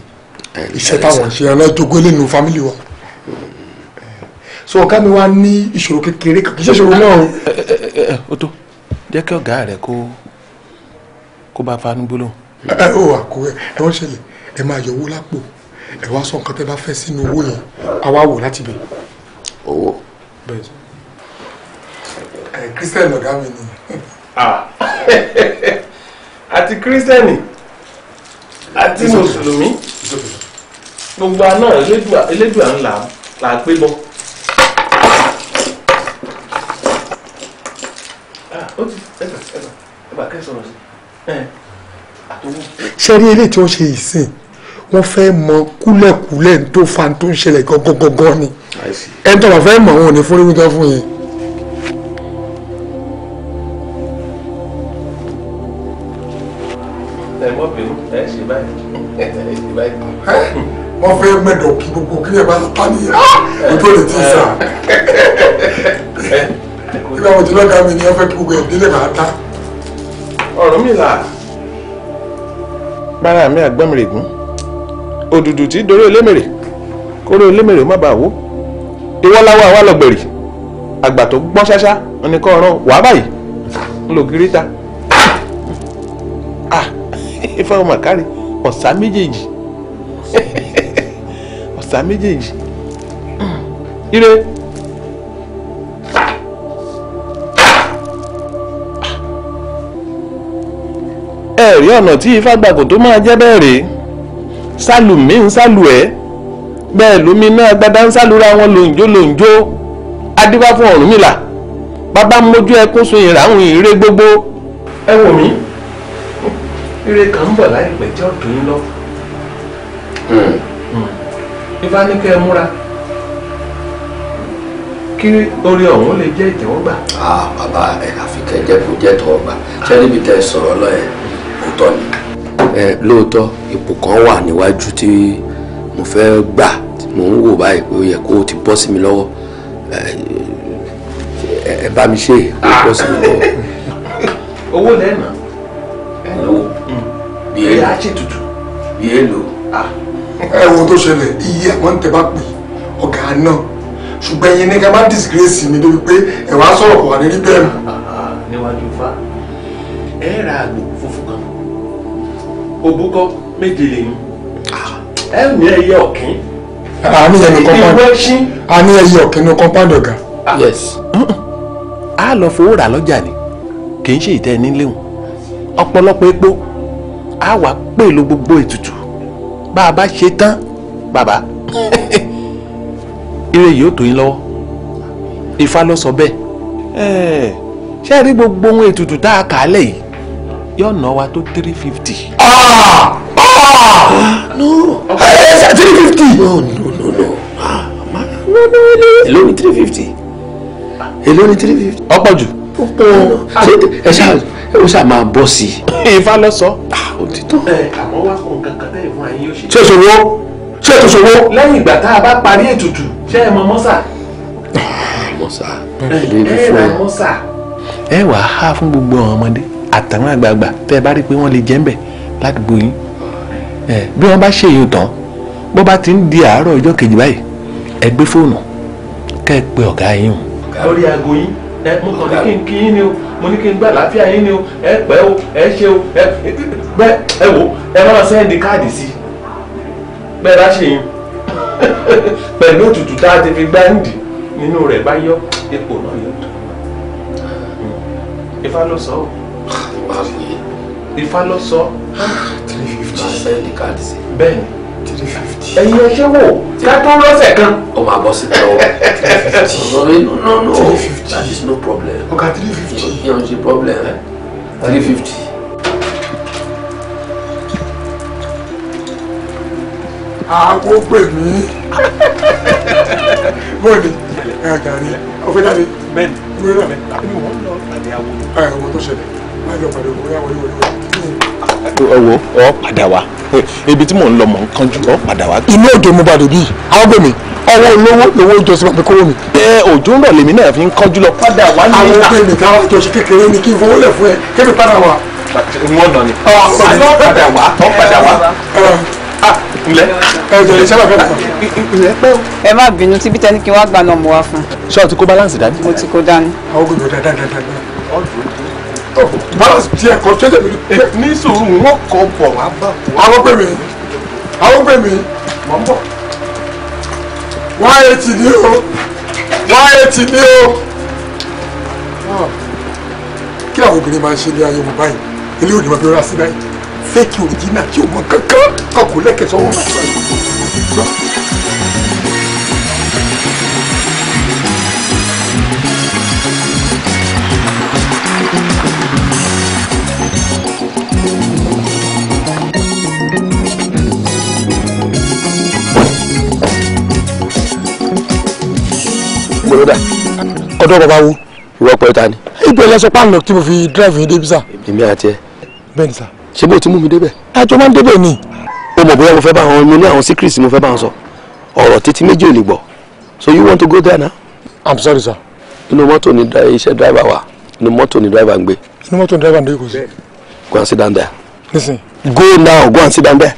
iṣẹ́ táwọn ṣe ẹran jogún lẹ́nu fámìlì wa so mi wá ní ìṣòro kékeré kì í ṣe ìṣòro náà. ó tó jẹ́ kí ọ̀gá Ko bá fa ní gbólóhùn. ẹ ó àkúrẹ ẹ wọ́n ṣẹlẹ̀ ẹ máa yọ owó lápò ẹ wá sọ nǹkan tẹ́ bá fẹ́ sínú owó yẹn àwa wò láti bẹ̀. owó. ẹ kristian ọ̀gá mi ni. Ah. àti kristiani àti mùsùlùmí gbogbo àná elédùà ńlá là á pé bọ́. Ah, ó ti ẹ̀ka ẹ̀ka ẹ̀ka kẹ́sàn-án sí i ṣe rí eléyìí tí wọ́n ṣe yìí sìn wọ́n fẹ́ mọ kúlẹ̀kúlẹ̀ tó fa tó ń ṣẹlẹ̀ gangan ni ẹni tó bá fẹ́ mọ̀ wọn ò ní fún ní wíńtọ́ fún yẹn. wọ́n fẹ́ mẹ́dọ̀ kí gbogbo kí ẹ bá ta ni ojú ò lè ti sà. ìgbà wo ti lọ́ga mi ni wọ́n fẹ́ kí gbogbo ẹ̀ délé máa ta. Ọ̀rúnmìlà bára mi àgbọ́mìrègún òdùdù tí dorí olémèrè kóró olémèrè má bàa wó ìwọ́ láwọ́ àwa lọ́gbẹ̀rì àgbà tó gbọ́n ṣáṣá oníkọ́ ọ̀rọ̀ wàá báyìí ńlọgírí ta ah, ifá ọmọ àkárí ọ̀sá méjèèjì ọ̀sá méjèèjì hmm. ire. ẹ̀rí ọ̀nà tí ifá gbàgùn tó máa jẹ́ bẹ́ẹ̀ rèé sálùmí ń sálù ẹ́ bẹ́ẹ̀ lómi náà gbadá ń sálùra wọn lòǹjó lòǹjó adíbá fún bàbá mójú ẹkún gbogbo. ẹ ire kan bọ̀ láìpẹ́ tí ọ̀dùn yín lọ. Hmm. Hmm. ifá ní kẹ́ ẹ múra kí orí ọ̀hún lè jẹ́ ìtẹ́wọ́gbà. Ah, bàbá ẹ̀ àfikẹ́ jẹ́ kó jẹ́ tọ́wọ́gbà ṣé tẹ́ òótọ́ ni. ẹ lóòótọ́ ipò kan wà níwájú tí mo fẹ́ gbà mo ń wò báyìí pé ó yẹ kó o ti bọ́ sí mi lọ́wọ́ ẹ bá mi ṣe é bọ́ sí mi lọ́wọ́. owó lẹ́nà ẹ̀ lówó bí ẹ yà á ṣe tutù bí ẹ lò á. ẹ wo tó ṣẹlẹ̀ iye àwọn tẹ bá pè ọ̀gá náà ṣùgbọ́n ẹ̀yin ní ká má disgrace mi débi pé ẹ̀ sọ̀rọ̀ kò wà ní bẹ́ẹ̀ mọ́. Ah, ah, ah, níwájú fa ẹ ra àgbò òbúkọ méje lè ah. mú ẹyẹ ọ̀kín. Ah, àní ẹyẹ ah. a lọ fowó rà lọ́jà ni kì í ṣe ìtẹ́ ẹni léwu epo a wà pẹ̀lú gbogbo ètùtù bá a bá ṣe ire yìí ó tó yín lọ́wọ́ ifá sọ bẹ́ẹ̀ ṣé ẹ gbogbo ohun ètùtù tá yóò ná wa tó three fifty. Ah! Ah! no ah, three fifty. no no no no no no no èló ni three fifty èló ni three fifty. ọ̀pọ̀ jù. ọ̀pọ̀ ẹ ṣáà ẹ ó ṣáà máa bọ́ sí i. ìfá lọ sọ. òtítọ́. ẹ eh, àmọ́ wá kàn kankan bẹ́ẹ̀ fún ayé yóò ṣe. ṣé o ṣòwò ṣé o tó ṣòwò. lẹ́yìn ìgbà tá a bá parí ètùtù ṣé ẹ mọ mọ́sà. Eh, mọ́sà. ẹ ẹ ra mọ́sà. ẹ wàá há fún gbogbo àwọn ọmọdé àtàwọn àgbààgbà tẹ́ ẹ bá rí i pé wọ́n lè jẹ́ ń bẹ̀ ládùúgbò yín bí wọ́n bá ṣe èyí tán bó bá ti ń di àárọ̀ ọjọ́ kejì báyìí ẹ gbé fóònù kẹ́ ẹ pe ọ̀gá yín o. lórí aago yín ẹ mo kàn ní kí n kí yín ni o mo ní kí n gbà láàfíà yín ni o ẹ pẹ́ o ẹ ṣe o ẹ bẹ ẹ wò ẹ máa sẹ́ndì káàdì sí i bẹ́ẹ̀ bá ṣe yín pẹ̀lú òtútù tá a ti fi gbáǹdì nínú rẹ̀ bá yọ ipò náà yọ. Hmm. ifá ló sọ ọ́ ifá ló sọ three fifty máa káàdì sí. bẹ́ẹ̀ni three fifty. ẹ̀yin ẹṣẹ́ wò ká lọ́sẹ̀ kan. ó máa bọ́ sí tọ́wọ́ three fifty. no no no that is no problem. ọkà three fifty. yóò ṣe problem three fifty. àgbo pè mí bóyá ẹ gàrí ọ̀fẹ́ jáde bẹ́ẹ̀ni mo rí rà mí. àbí wọ́n lọ wọ́n tó ṣẹlẹ̀ ọwọ́ ọ padà wá ibi tí mò ń lọ mọ̀ ń kánjú ọ padà wá. inú òde mo bá dèbí àwọn gbèmí ọwọ́ olówó lówó ìjọsìn bàbá kówó mi. ẹ òjò ń rọ̀ lèmi náà fi ń kánjú lọ padà wá ní. àwọn ọmọ ènìyàn kan jọ ṣe kékeré ni kí n fowó lẹ̀ fún ẹ kébì padà wá. wọn nọ ni ah, ọ padà wá ọ padà wá ah, ǹlẹ́ ẹ̀jẹ̀ sábà fẹ́ ǹlẹ́ pẹ́ o. ẹ má bínú tí bítẹ́ni kí wọ́n á gba nọ́ọ̀mù wa fún. ṣé o ti kó balance dání. mo ti kó dání. àwọn gbogbo dáadáa dáadáa balance díẹ̀ kan ṣé tèmi ní sùúrù wọn kàn bọ̀ wá bá wọn. àwọn pè mí àwọn pè mí mọ̀ ń o one eighty ni o. Ah. kí àwọn obìnrin máa ń ṣe ní ayé wọn báyìí ilé òní wọn bí wọn rà sí báyìí fake original kí o mọ kankan kọkùn lẹ́kẹ̀ẹ́ sọ́wọ́ máa ń báyìí. ọ̀dọ̀ bàbá wo. ìwọ pẹ̀lú ni. ibẹ̀ lẹ sọ tí mo fi dráìvì yín débi sà. èmi àti ẹ. bẹ́ẹ̀ ni sà. ṣé bó ti mú mi débẹ̀. àjọ máa ń débẹ̀ ni. o mọ̀ bóyá mo fẹ́ bá àwọn mo ní àwọn secrets mo fẹ́ bá wọn sọ ọ̀rọ̀ títí méjì ò lè gbọ́ so you want to go there now. i'm sorry sir. inú mọ́tò ni iṣẹ́ dráìvà wà inú mọ́tò ni dráìvà ń gbé. inú mọ́tò ni dráìvà ń gbé kò sí. go and sit down there. listen. go now go and sit down there.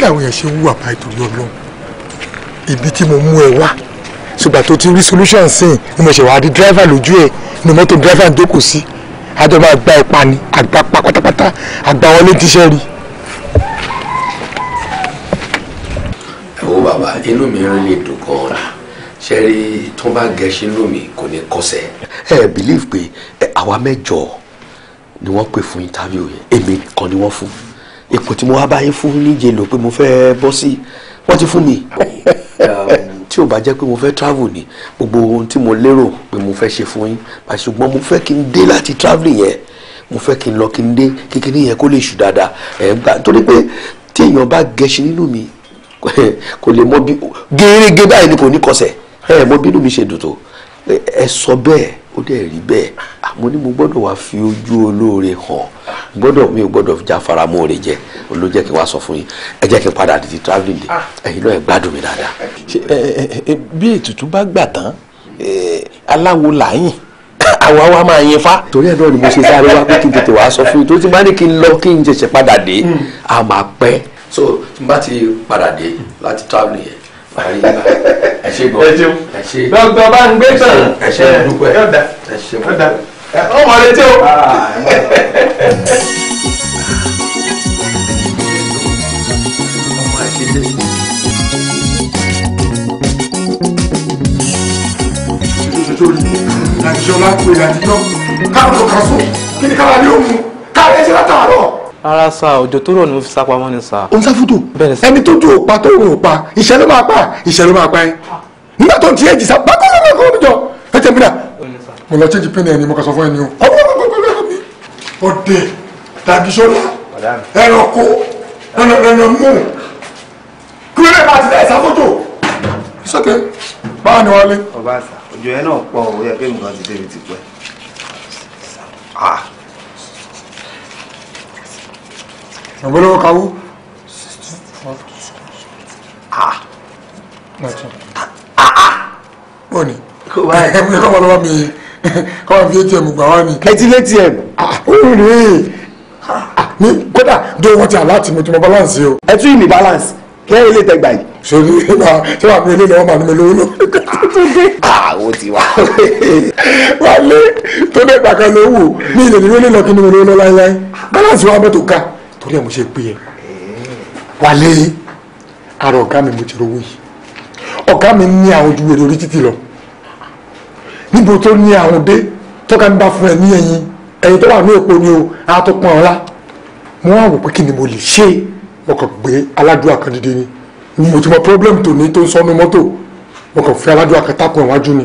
làwọn yẹn ṣe ń wà báyìí torí ọlọ́run ibi tí mo mú ẹ wá ṣùgbọ́n tó ti rí solution sí ni mo ṣe wá di driver lójú ẹ ni mọ́tò driver ń dókòó sí àjọ máa gba ẹ̀pà ni àgbà pa pátápátá àgbà wọlé tíṣẹ́ rí. ẹ wo bàbá inú mi rí lè dùn gan-an rà ṣe rí tó bá gẹṣin inú mi kò ní kọsẹ̀. ẹ believe pé àwa mẹ́jọ ni wọ́n pè fún interview yẹn èmi kan ni wọ́n fún ipò tí mo wá báyìí fún níje lò pé mo fẹ́ bọ́ sí wọ́n ti fún mi tí ò bá jẹ́ pé mo fẹ́ travel ni gbogbo ohun tí mo lérò pé mo fẹ́ ṣe fún yín ṣùgbọ́n mo fẹ́ kí n dé láti travel yẹn mo fẹ́ kí n lọ kí n dé kékeré yẹn kó lè ṣù dáadáa ẹ̀ ń gbà torí pé tí èèyàn bá gẹṣin nínú mi kò lè mọ bí gẹ́gẹ́ báyìí ni kò ní kọsẹ̀ ẹ̀ mọ bínú mi ṣe dùn tó ẹ sọ bẹ́ẹ̀ ó dẹ̀ rí bẹ́ẹ̀ àmọ́ ah, ní mo gbọ́dọ̀ wá fi ojú olóore hàn gbọ́dọ̀ mi ò gbọ́dọ̀ já faramọ́ rẹ̀ jẹ ló jẹ́ kí n wá sọ fún yín ẹ jẹ́ kí n padà di travelling de ah. ẹ̀yin náà ẹ gbádùn mi dáadáa. bí ètùtù bá gbà tán aláwo là ń yìn àwa wa máa yin fa. torí ẹ náà ni mo ṣe sáré wá pé kí n tètè wá sọ fún yín tó ti bá ní kí n lọ kí n ṣẹ̀ṣẹ̀ padà dé hmm. a máa pẹ́. so tí n bá ti padà dé láti travelling yẹn ẹ ṣe gbọ́ ẹ ṣe dọ́gbọ́ bá ń gbé tán ẹ ṣe dúpẹ́ yọ̀dà yọ̀dà ah, ọmọ létí o. Àjọlá pè àdìjọ́ káàdùn kan sùn kí ni kára ni ó mú káàdì ẹ̀ṣẹ̀ látàárọ̀ rárá sá òjò tó rọ̀ ni mo fi sápá mọ́ ni sá. o ń sá fúdù ẹni tó ju òpa tó rùn òpa ìṣẹ́ ló máa pa ìṣẹ́ ló máa pa ẹ́ nígbà tó ń ti ẹ̀jì sá bákan náà kọ́ ọ́ jọ ẹ tẹ̀ mí dà. mo lọ ṣéjì pínlẹ̀ ẹni mo kà sọ fún ẹni o. ọdẹ dàgísọ́lá ẹranko ẹranmú kí wọ́n lè bá ti dá ìsá fúdù. sọ́kẹ́ báwa ni wọ́n lé. ọba àṣà òjò yẹn náà pọ̀ òye pé ṣàgbọ́lọ́wọ́ kawú bọ́ ni kọ́wọ́ lọ́wọ́ mi kọ́wọ́ fi atm gbà wá ni. ẹtí atm òun rèé ni. kódà dó wọ́n ti àláàtì mo ti mọ balance o. ẹ tún ìní balance kẹ́ ilé tẹgbà yìí. sori ma ṣé wàá mi ilé lọ́wọ́ màá ní mi lówó lọ. àwọn ah, ti wá. wálé tó dé gbàgbọ́ lówó mi ìlẹ̀ ní wọlé lọ kí ni mo lówó lọ láéláé balance wa bẹ́ẹ̀ tó torí ẹ̀ mo ṣe pé ẹ wálé ara ọ̀gá mi mo ti rówó yìí ọ̀gá mi ní àwọn ojú èrè orí títì lọ níbo tó ní àwọn dé tọ́ka ń bá fún ẹ ní ẹyin ẹyin tó wà ní èpo ni o a tó pọn ọ̀la mo wá wò pé kí ni mo lè ṣe mo kàn gbé aládùúgbò kan ni mo ti mọ problem tó ní tó ń sọnù mọ́tò mo kàn fi aládùúgbò kan tákùn ni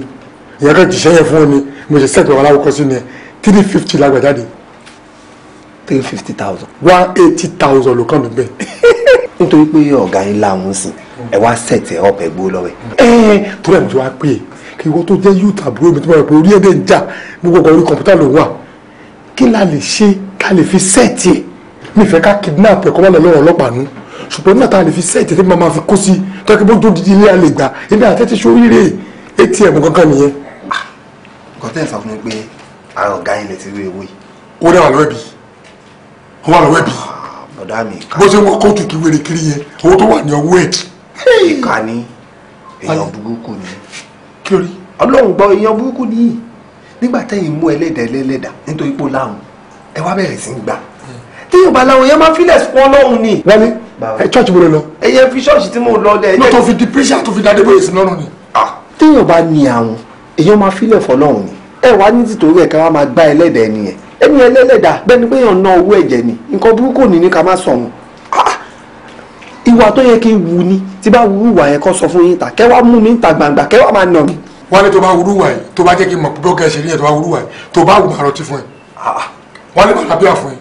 ìyẹn kan jìṣẹ́ yẹn fún ọ ni mo ṣe sẹ́ẹ̀tì ọ̀la wọkọ sí ni three fifty la lágbàjáde three fifty thousand. one eighty thousand ló kàn mí bẹ́ẹ̀. nítorí pé ọ̀gá yín láwọn sí ẹ wá sẹ̀tẹ̀ ọ̀pẹ̀ gbó lọ́wọ́ ẹ. ẹ tó rẹ̀ mi tó wá pè é kí wọ́n tó jẹ́ youth àbúrò mi tó máa pè orí ẹ̀dẹ̀ ń jà gbogbo ọkọ̀ orí kọ̀ǹpútà ló wà kí la lè ṣe ká lè fi sẹ́ẹ̀tì ẹ̀ mi fẹ́ ká kidnap ẹ̀kọ́ wà lọ́wọ́ ọlọ́pàá nù ṣùgbọ́n náà ta lè fi sẹ́ẹ̀tì tí màmá fi kó sí tọ́kí bó tó di ilé alẹ́ gbà ilé àtẹ́tí sóríire atm kankan nìyẹn. Ah, kọ́tẹ́ ìsọfúnni pé àwọn ọ̀gá yín lè ti rí ewé. ó dáwà ó wà lọ́wọ́ ẹ̀bí bó ṣe ń wọ kóòtù kí wèrè kiri yẹn owó tó wà ní ọwọ́ ẹ̀ ìka ni èèyàn burúkú ni kí ló rí ọlọ́run gbọ́ èèyàn burúkú ni nígbà tẹ́yìn mú ẹlẹ́dàá ẹlẹ́dàá nítorí pé ó láhùn ẹ wá bẹ̀rẹ̀ sí í gbà téèyàn bá láwọn yẹn máa fílẹ̀ sùn ọlọ́run ni. lálẹ́ ẹ church mo lè lọ. ẹyẹ fi church tí mo lọ dẹ. ló tó fi di pressure tó fi da dé bóyè sí lọ́rùn ni. Ah! téèyàn bá ní àwọn èèyàn máa fílẹ̀ fọlọ́run ni ẹ wá ní tìtorí ẹ̀ ká wá máa gbá ẹlẹ́dàá ẹni yẹn ẹni ẹlẹ́lẹ́dà bẹ́ẹ̀ ni pé èèyàn ná owó ẹ̀jẹ̀ ni nǹkan burúkú ní ní ká má sọ̀rọ̀ ah! ìwà tó yẹ kí n wù ni tí bá wù wà yẹn kọ́ sọ fún yín ta kẹ́ wá mú mi ń ta gbangba kẹ́ wá máa nà mí. wọ́n ní tó bá wúrú wà yìí tó bá jẹ́ kí n mọ̀ púpọ̀ kẹ́ ṣe ní ẹ̀ tó bá wúrú wà yìí tó bá wù máa rọtí fún ẹ. Ah! wọ́n ní bàbá bíà fún ẹ.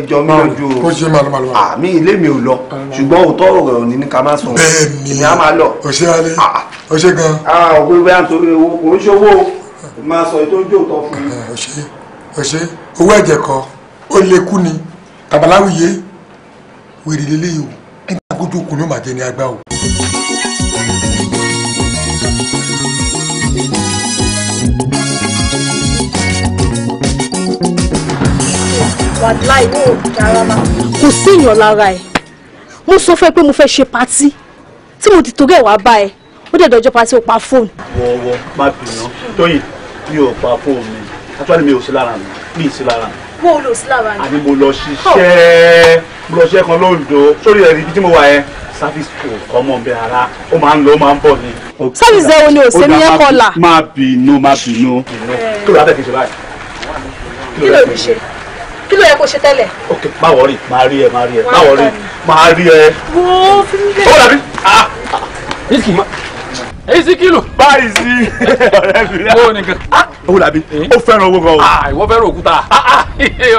ẹjọ mi ò ju o ṣe máa lọ máa lọ. àmì ah! ilé mi ò lọ ṣùgbọ́n òótọ́ ọ̀rọ̀ òní ni ká má ọ̀ṣẹ́ owó ẹ̀jẹ̀ kọ ó lè kú ni babaláwìyé wèrè lélẹ́yìí o nígbà tó tó kù ní màjẹ ní agbá o. wàláì kò dára ma. kò séèyàn lára ẹ mo sọ fún ẹ pé mo fẹ́ ṣe patí tí mo ti torí ẹ̀ wá bá ẹ ó dẹ̀ dọjọ́ patí ó pa fóònù. wọ́wọ́ má bínú tóyìn mi ò pa fóònù mi actually mi ò sí lára mi mi ì sí lára mi. wo ló sí lára mi. àní mo lọ ṣiṣẹ́ mo lọ ṣiṣẹ́ kan lóńdó sórí ẹ̀rí ibi tí mo wà yẹn service kò kọ́mọ bẹ́ẹ̀ ara ó máa ń lọ ó máa ń bọ̀ ni. service ẹ̀ wo ni ò sẹ́mi yẹn kọ́ la. má bínú má bínú. Eh. kí ló yà tẹ̀sí báyìí. kí ló yẹ ṣe kí ló yẹ kó ṣe tẹ́lẹ̀. ok má wọrí má rí ẹ má rí ẹ má wọrí má rí ẹ. wo fi mi lẹ. ó dàbí ah ah risky má. Ezekielu. báyìí sí ọ̀rẹ́ mi rà. owó nìkan. Ah, ó làbí eh? ó fẹ́ràn owó gan o. Ah, ìwọ fẹ́ràn òkúta. Ah,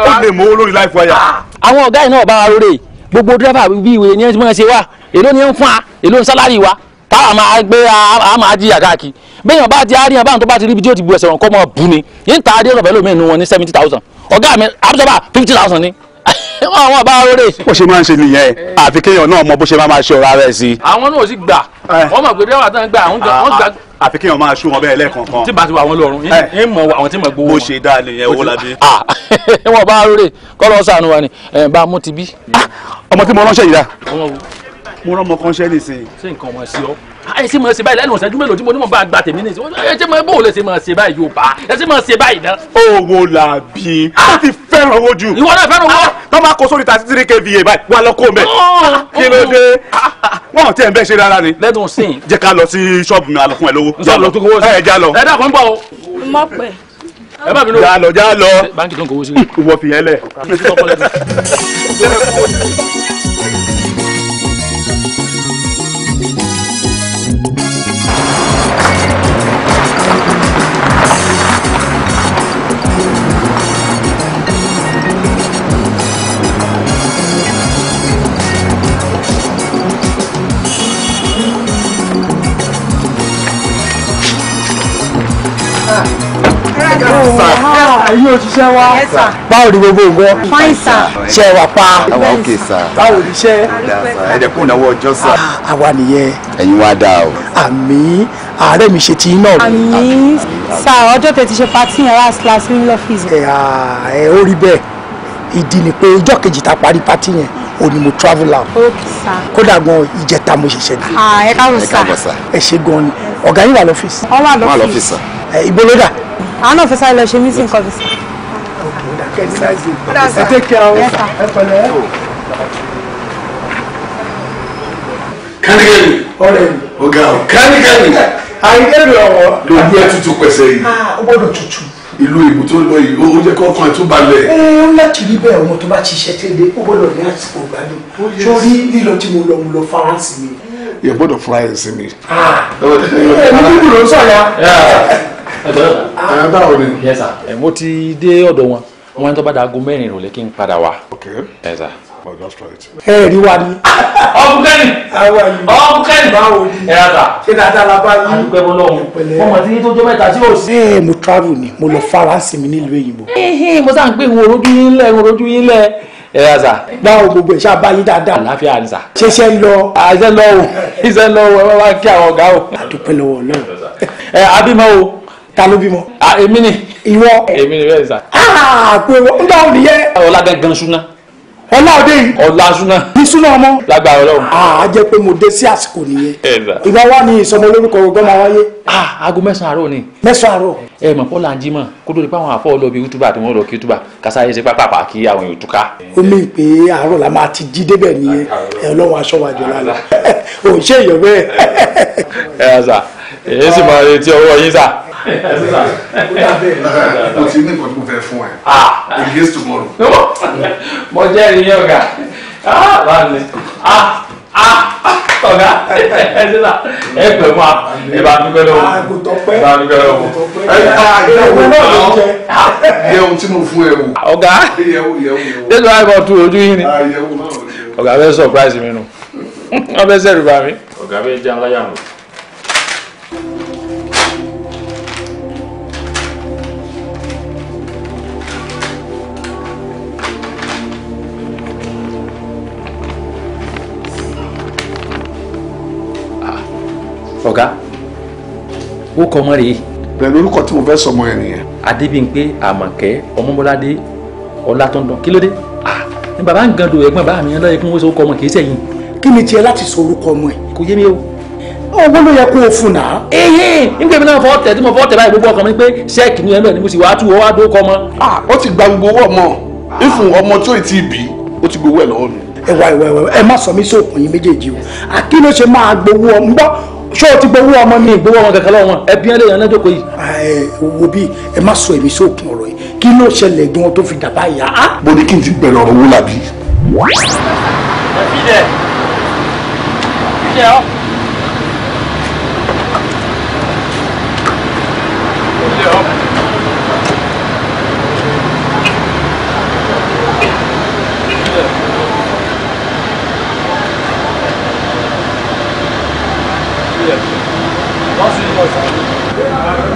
ó lè mọ owó lórí láìpẹ́ yà. àwọn ọ̀gá yìí náà bá wa lóore gbogbo dírẹ́fà bíi ìwé ni ẹ ti mọ̀ ẹ ṣe wá èló ni ẹ ń fún wa èló ń sálárì wa táwa máa gbé a máa jí àkáàkì bẹ́ẹ̀ bá ti àárín abáhùn tó bá ti rí ibi tí ó ti bu ẹ̀sẹ̀ wọn kọ́ mọ́ bu ni yín ta adé rọ̀bẹ́ fifty thousand ni àwọn àbá rere. bó ṣe máa ń ṣe nìyẹn eh. àfi kéèyàn náà mọ bó ṣe máa máa ṣe ọ̀rá rẹ̀ sí. àwọn náà sì gbà eh. wọ́n mọ̀ pé bí àwọn àtàn gbà àwọn gbà ah, ah, àfi kéèyàn máa ṣú wọn bẹ́ẹ̀ lẹ́ẹ̀kọ̀ọ̀kan. tí bá ti wà wọn lọ́rùn yín eh. mọ àwọn tí mo gbowó wọn. bó ṣe dáa nìyẹn owó labi. Ah. wọn bá rere kọ́ lọ sànù wa ni bá a mú ti bí. ọmọ tí mo ránṣẹ́ yìí dá. mo rán ọmọ kan ṣẹ́ nìsín. ṣé nǹkan ọmọ sí ọ ẹ ṣe máa ṣe báyìí lẹ́nu ìṣẹ́jú mélòó tí mo ní mo bá gba tèmi ní ìṣe ẹ ṣe máa bó o lè ṣe máa ṣe báyìí yóò bá ẹ ṣe máa ṣe báyìí náà. owó làbí ó ti fẹ́ràn owó jù. ìwọ náà fẹ́ràn owó. tó máa kó sórí thirty three kva báyìí wà lọ kó mẹ. Ah, ah, kí ló dé ah, wọn tiẹ̀ ń bẹ́ ṣe rárá ni. lẹ́dùn sìn. jẹ́ ká lọ sí ṣọ́ọ̀bù mi àlọ́ fún ẹ lówó. sọ́ọ̀bù tó kówó sí. ẹ já lọ. ẹ dàkún ń o. mọ̀ pẹ́. ẹ bá mi lọ. já lọ já lọ. báńkì tó ń kówó sí. ìwọ fìyẹn lẹ. ló ti ṣẹ́ wá. báwo ni gbogbo nǹkan. fine sir. ṣe wà pa. àwa òkè sà. báwo ni ṣe. ẹ̀dẹ̀ kún náwó ọjọ́ sà. Ah, àwa nìyẹn. ẹ̀yin wá dáa o. àmín ààrẹ mi ṣe ti iná. àmín sà ọjọ́ tẹ̀ ti ṣe pati yẹn last class ní lọ́fíìsì. ẹ ẹ ó rí bẹ́ẹ̀ ìdí ni pé ọjọ́ kejì ta parí pati yẹn o ni mo travel am. kódà gan ìjẹta mo ṣẹ̀ṣẹ̀ dé. Ah, ẹ káàbọ̀ sà. ẹ ṣe gan ni ọ̀gá yín wà lọ́fíìsì. wọ́n wà lọ́fíìsì. ibo ló dà. àwọn náà fẹ́ sáré lọ ṣe mí sí nǹkan fi kẹ́ ní náà ṣe ẹ tẹ́ kí àwọn ẹ pẹ̀lẹ́. kánikẹ́ni ọ̀rẹ́ mi ọ̀gá o kánikẹ́ni. àyíkẹ́ni ọ̀wọ́. lójú ẹ tutù pẹ̀sẹ̀ yìí. Ah, ó gbọ́dọ̀ tutù. ìlú ìbò tó lọ yìí ó jẹ́ kọ́kàn ẹ̀ tó balẹ̀. ẹ ó láti rí bẹ́ẹ̀ ọmọ tó bá ti ṣe tẹ́lẹ̀ ó gbọ́dọ̀ ní àsìkò gbádùn sórí lílọ tí mo lọ mo lọ faransé mi. yẹ gbọ́dọ̀ fura ah. ẹ sí mi. ẹ ní bíbélì ló ń sọ ya. Ah. ẹ báwo ni. mo ti dé ọ̀dọ̀ wọn wọ́n ní tó bá dago mẹ́rin ìrọ̀lẹ́ kí n padà wá. ẹ sà. Oh, ẹ rí wa ni. ọkùnkẹ́ni ọkùnkẹ́ni báwo ni ẹ rà ṣé dáadáa la bá yín. àdúgbò ẹ̀wọ̀n lọ́wọ́ ọmọ tí yín tó jọ mẹ́ta tí yóò sí. ẹ mo travel ni mo lọ faransé mi nílùú èyìnbó. mo sá ń pè wọ́n rojú yín lẹ̀ wọ́n rojú yín lẹ̀ ẹ yà sà. báwo gbogbo ẹ ṣáà bá yín dáadáa. àlàáfíà ni sà. ṣẹṣẹ o iṣẹ lọ o ẹ bá o. a dúpẹ́ lọ́wọ́ Ọlọ́run ta ló ah èmi ni. ìwọ. èmi ni bẹ́ẹ̀ sà. Ah, pé wọ́n ń dá òun nìyẹn. ọlá gangan súná. ọlá òde yìí. ọlá súná. ní súná ọmọ. lágbára Ọlọ́run. Ah, a jẹ pé mo dé sí àsìkò nìyẹn. ìgbà wa ni ìsọmọ olórúkọ ogun máa wáyé. Ah, aago mẹ́sàn-án àárọ̀ ni. mẹ́sàn-án àárọ̀. ẹ mọ̀ fọ́lá ń jí mọ̀ kó tó di pé àwọn àfọ́ lọ bí yútúbà tí wọ́n lọ kí yútúbà kásá yẹ sí pápá kí àwọn èèyàn túká. ó mì pé àárọ̀ la máa ti jí débẹ̀ nìyẹn ẹ ọlọ́run aṣọ wájú lálẹ́ òun ṣe èèyàn bẹ́ẹ̀. ẹ ẹ sà èyí sì máa retí ọwọ́ yín sà mo ti ní nǹkan tó fẹ́ fún ẹ against ah. tomorrow. mo jẹ́ ìyẹn ọ̀gá ah, báwo ni ah, ọ̀gá ẹ̀sìnà ẹ pè mọ́ a ẹ bá dúpẹ́ lọ́wọ́ ẹ bá dúpẹ́ lọ́wọ́ ẹ bá ìyẹ̀wò náà jẹ́ ohun tí mo fún ẹ wò. ọ̀gá déjọ́ àìbọ̀ tu ojú yín ni ọ̀gá fẹ́ surprise mi nù wọ́n fẹ́ sẹ́rù bá mi. ọ̀gá fẹ́ jẹ́ aláyàwó. ọ̀gá ó kọ ọmọ rèé. pẹ̀lú orúkọ tí mo fẹ́ sọmọ ẹ nìyẹn. adébíyìnpé àmọ̀kẹ́ ọmọbọ́ládé ọlátọ́ndọ̀ kí ló dé. Ah, ni bàbá ń gan do ẹ̀gbọ́n bá mi lọ́yẹ̀ kí wọ́n sọ orúkọ ọmọ kì í sẹ́yìn. kí ni tiẹ̀ láti sọ orúkọ ọmọ ẹ̀. kò yé mi o. owó ló yẹ kó o fún náà. ehe nígbà mi náà fọ tẹ tí mo fọ tẹ báyìí gbogbo ọkàn mi pé sẹ́ẹ̀kì ni ẹ lọ́ọ̀ ni mo sì wáá tú owó wáá dókọ ọmọ. Ah, ó ti gba gbogbo owó ọmọ ìfún ọmọ tó ì tí ì bí ó ti gbowó ẹ lọ́wọ́ mi. ẹ wá ẹ wá ẹ má sọ mí sí òkùnrin méjèèjì o àkínó ṣe máa gbowó ọmọ ṣé o ti gbowó ọmọ mi ìgbowó ọmọ kankan lọ́wọ́ ẹbí ẹ lè yan lẹ́jọ́ kọ́ yìí. ẹ wo bí ẹ má sọ èmi sókun ọ̀rọ̀ yìí kí ló ṣẹlẹ̀ gan tó fi dàbá yà á. Ah, ah. mo ní kí n ti bẹ̀rẹ̀ ọ̀rọ̀ wó làbí. ẹ fi dẹ fi dẹ ọ.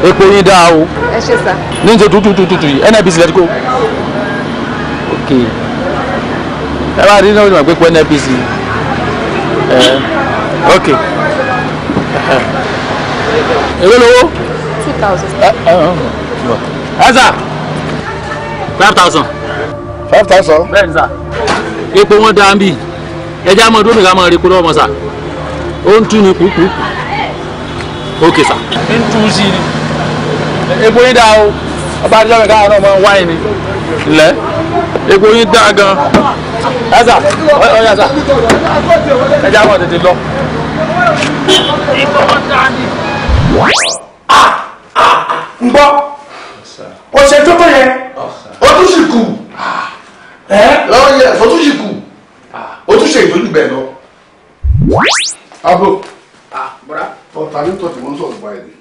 epo yín dáa o. ẹ ṣe sá. ní ní tuntun tuntun tuntun yìí NNPC lẹ́tí kó. ok ẹ bá rí náà pé pé NNPC ẹ ok èló lówó. two thousand. ẹ sà five thousand. five thousand. bẹ́ẹ̀ni sà epo wọn dáa ń bì ẹja mọ dómi ká mọ rí epo lọ́wọ́ mọ sà ó ń tú ni kúkú. ok sà. ń tú sí ni epo yín dáa o ọba àdìjọ́ mi káwọn náà máa ń wáyé ni lẹ́ epo yín dáa gan ẹ̀sà ọ̀yà sà ẹ̀jẹ̀ àwọn tètè lọ. n gbọ́ ọ̀sẹ̀ tó tó yẹ ọdún sì kù lọ́wọ́ yẹ ọdún sì kù ọdún sì ètò ìbẹ̀ lọ. abo bọ̀dá ọ̀tá ní tọ́jú wọn sọ̀rọ̀ báyìí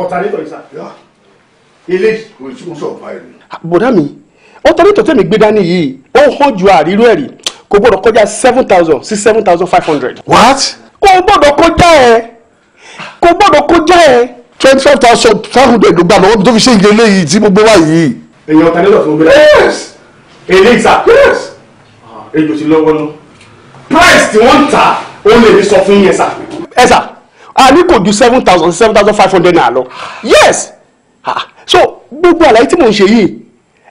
ọ̀tàlétọ̀ yìí sá. eléyìí kò tí mo sọ̀rọ̀ báyìí. bọ̀dá mi ọ̀tàlétọ̀ tẹ̀mí gbé dání yìí ó hàn ju àríró ẹ̀rí kò gbọ́dọ̀ kọjá seven thousand sí seven thousand five hundred. what. kò gbọ́dọ̀ kọjá ẹ̀ kò gbọ́dọ̀ kọjá ẹ̀. twenty five thousand five hundred ló gbà lọ́wọ́ tó fi ṣe ìgbélé yìí tí mo gbé wá yìí. èyàn ọ̀tàlétọ̀ tó ń gbé. yes. eléyìí sá. yes. èjò ah, ti lọ́wọ́ nù. price tí wọ́n ń ta ó lè ní sọ fún yẹn sá. ẹ sá a ní kò ju seven thousand seven thousand five hundred naira lọ yes ah so gbogbo àlàyé tí mò ń ṣe yìí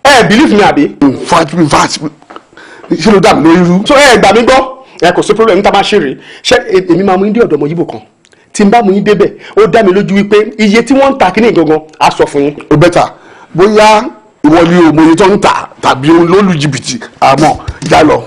ẹ believe me àbí. fati fati ṣé ló dàbí lórí irú. so ẹ gbà mí gbọ́ ẹ kò sí problem níta máa ṣe rèé ṣé èmi máa mú yín dé ọ̀dọ̀ ọmọ yíbo kan tí n bá mú yín débẹ̀ ó dá mi lójú wípé iye tí wọ́n ń ta kíní gangan á sọ fún yín. o bẹ́tà bóyá ìwọ ni òmòye tó ń ta tàbí olólùjìbìtì àmọ́ jálọ.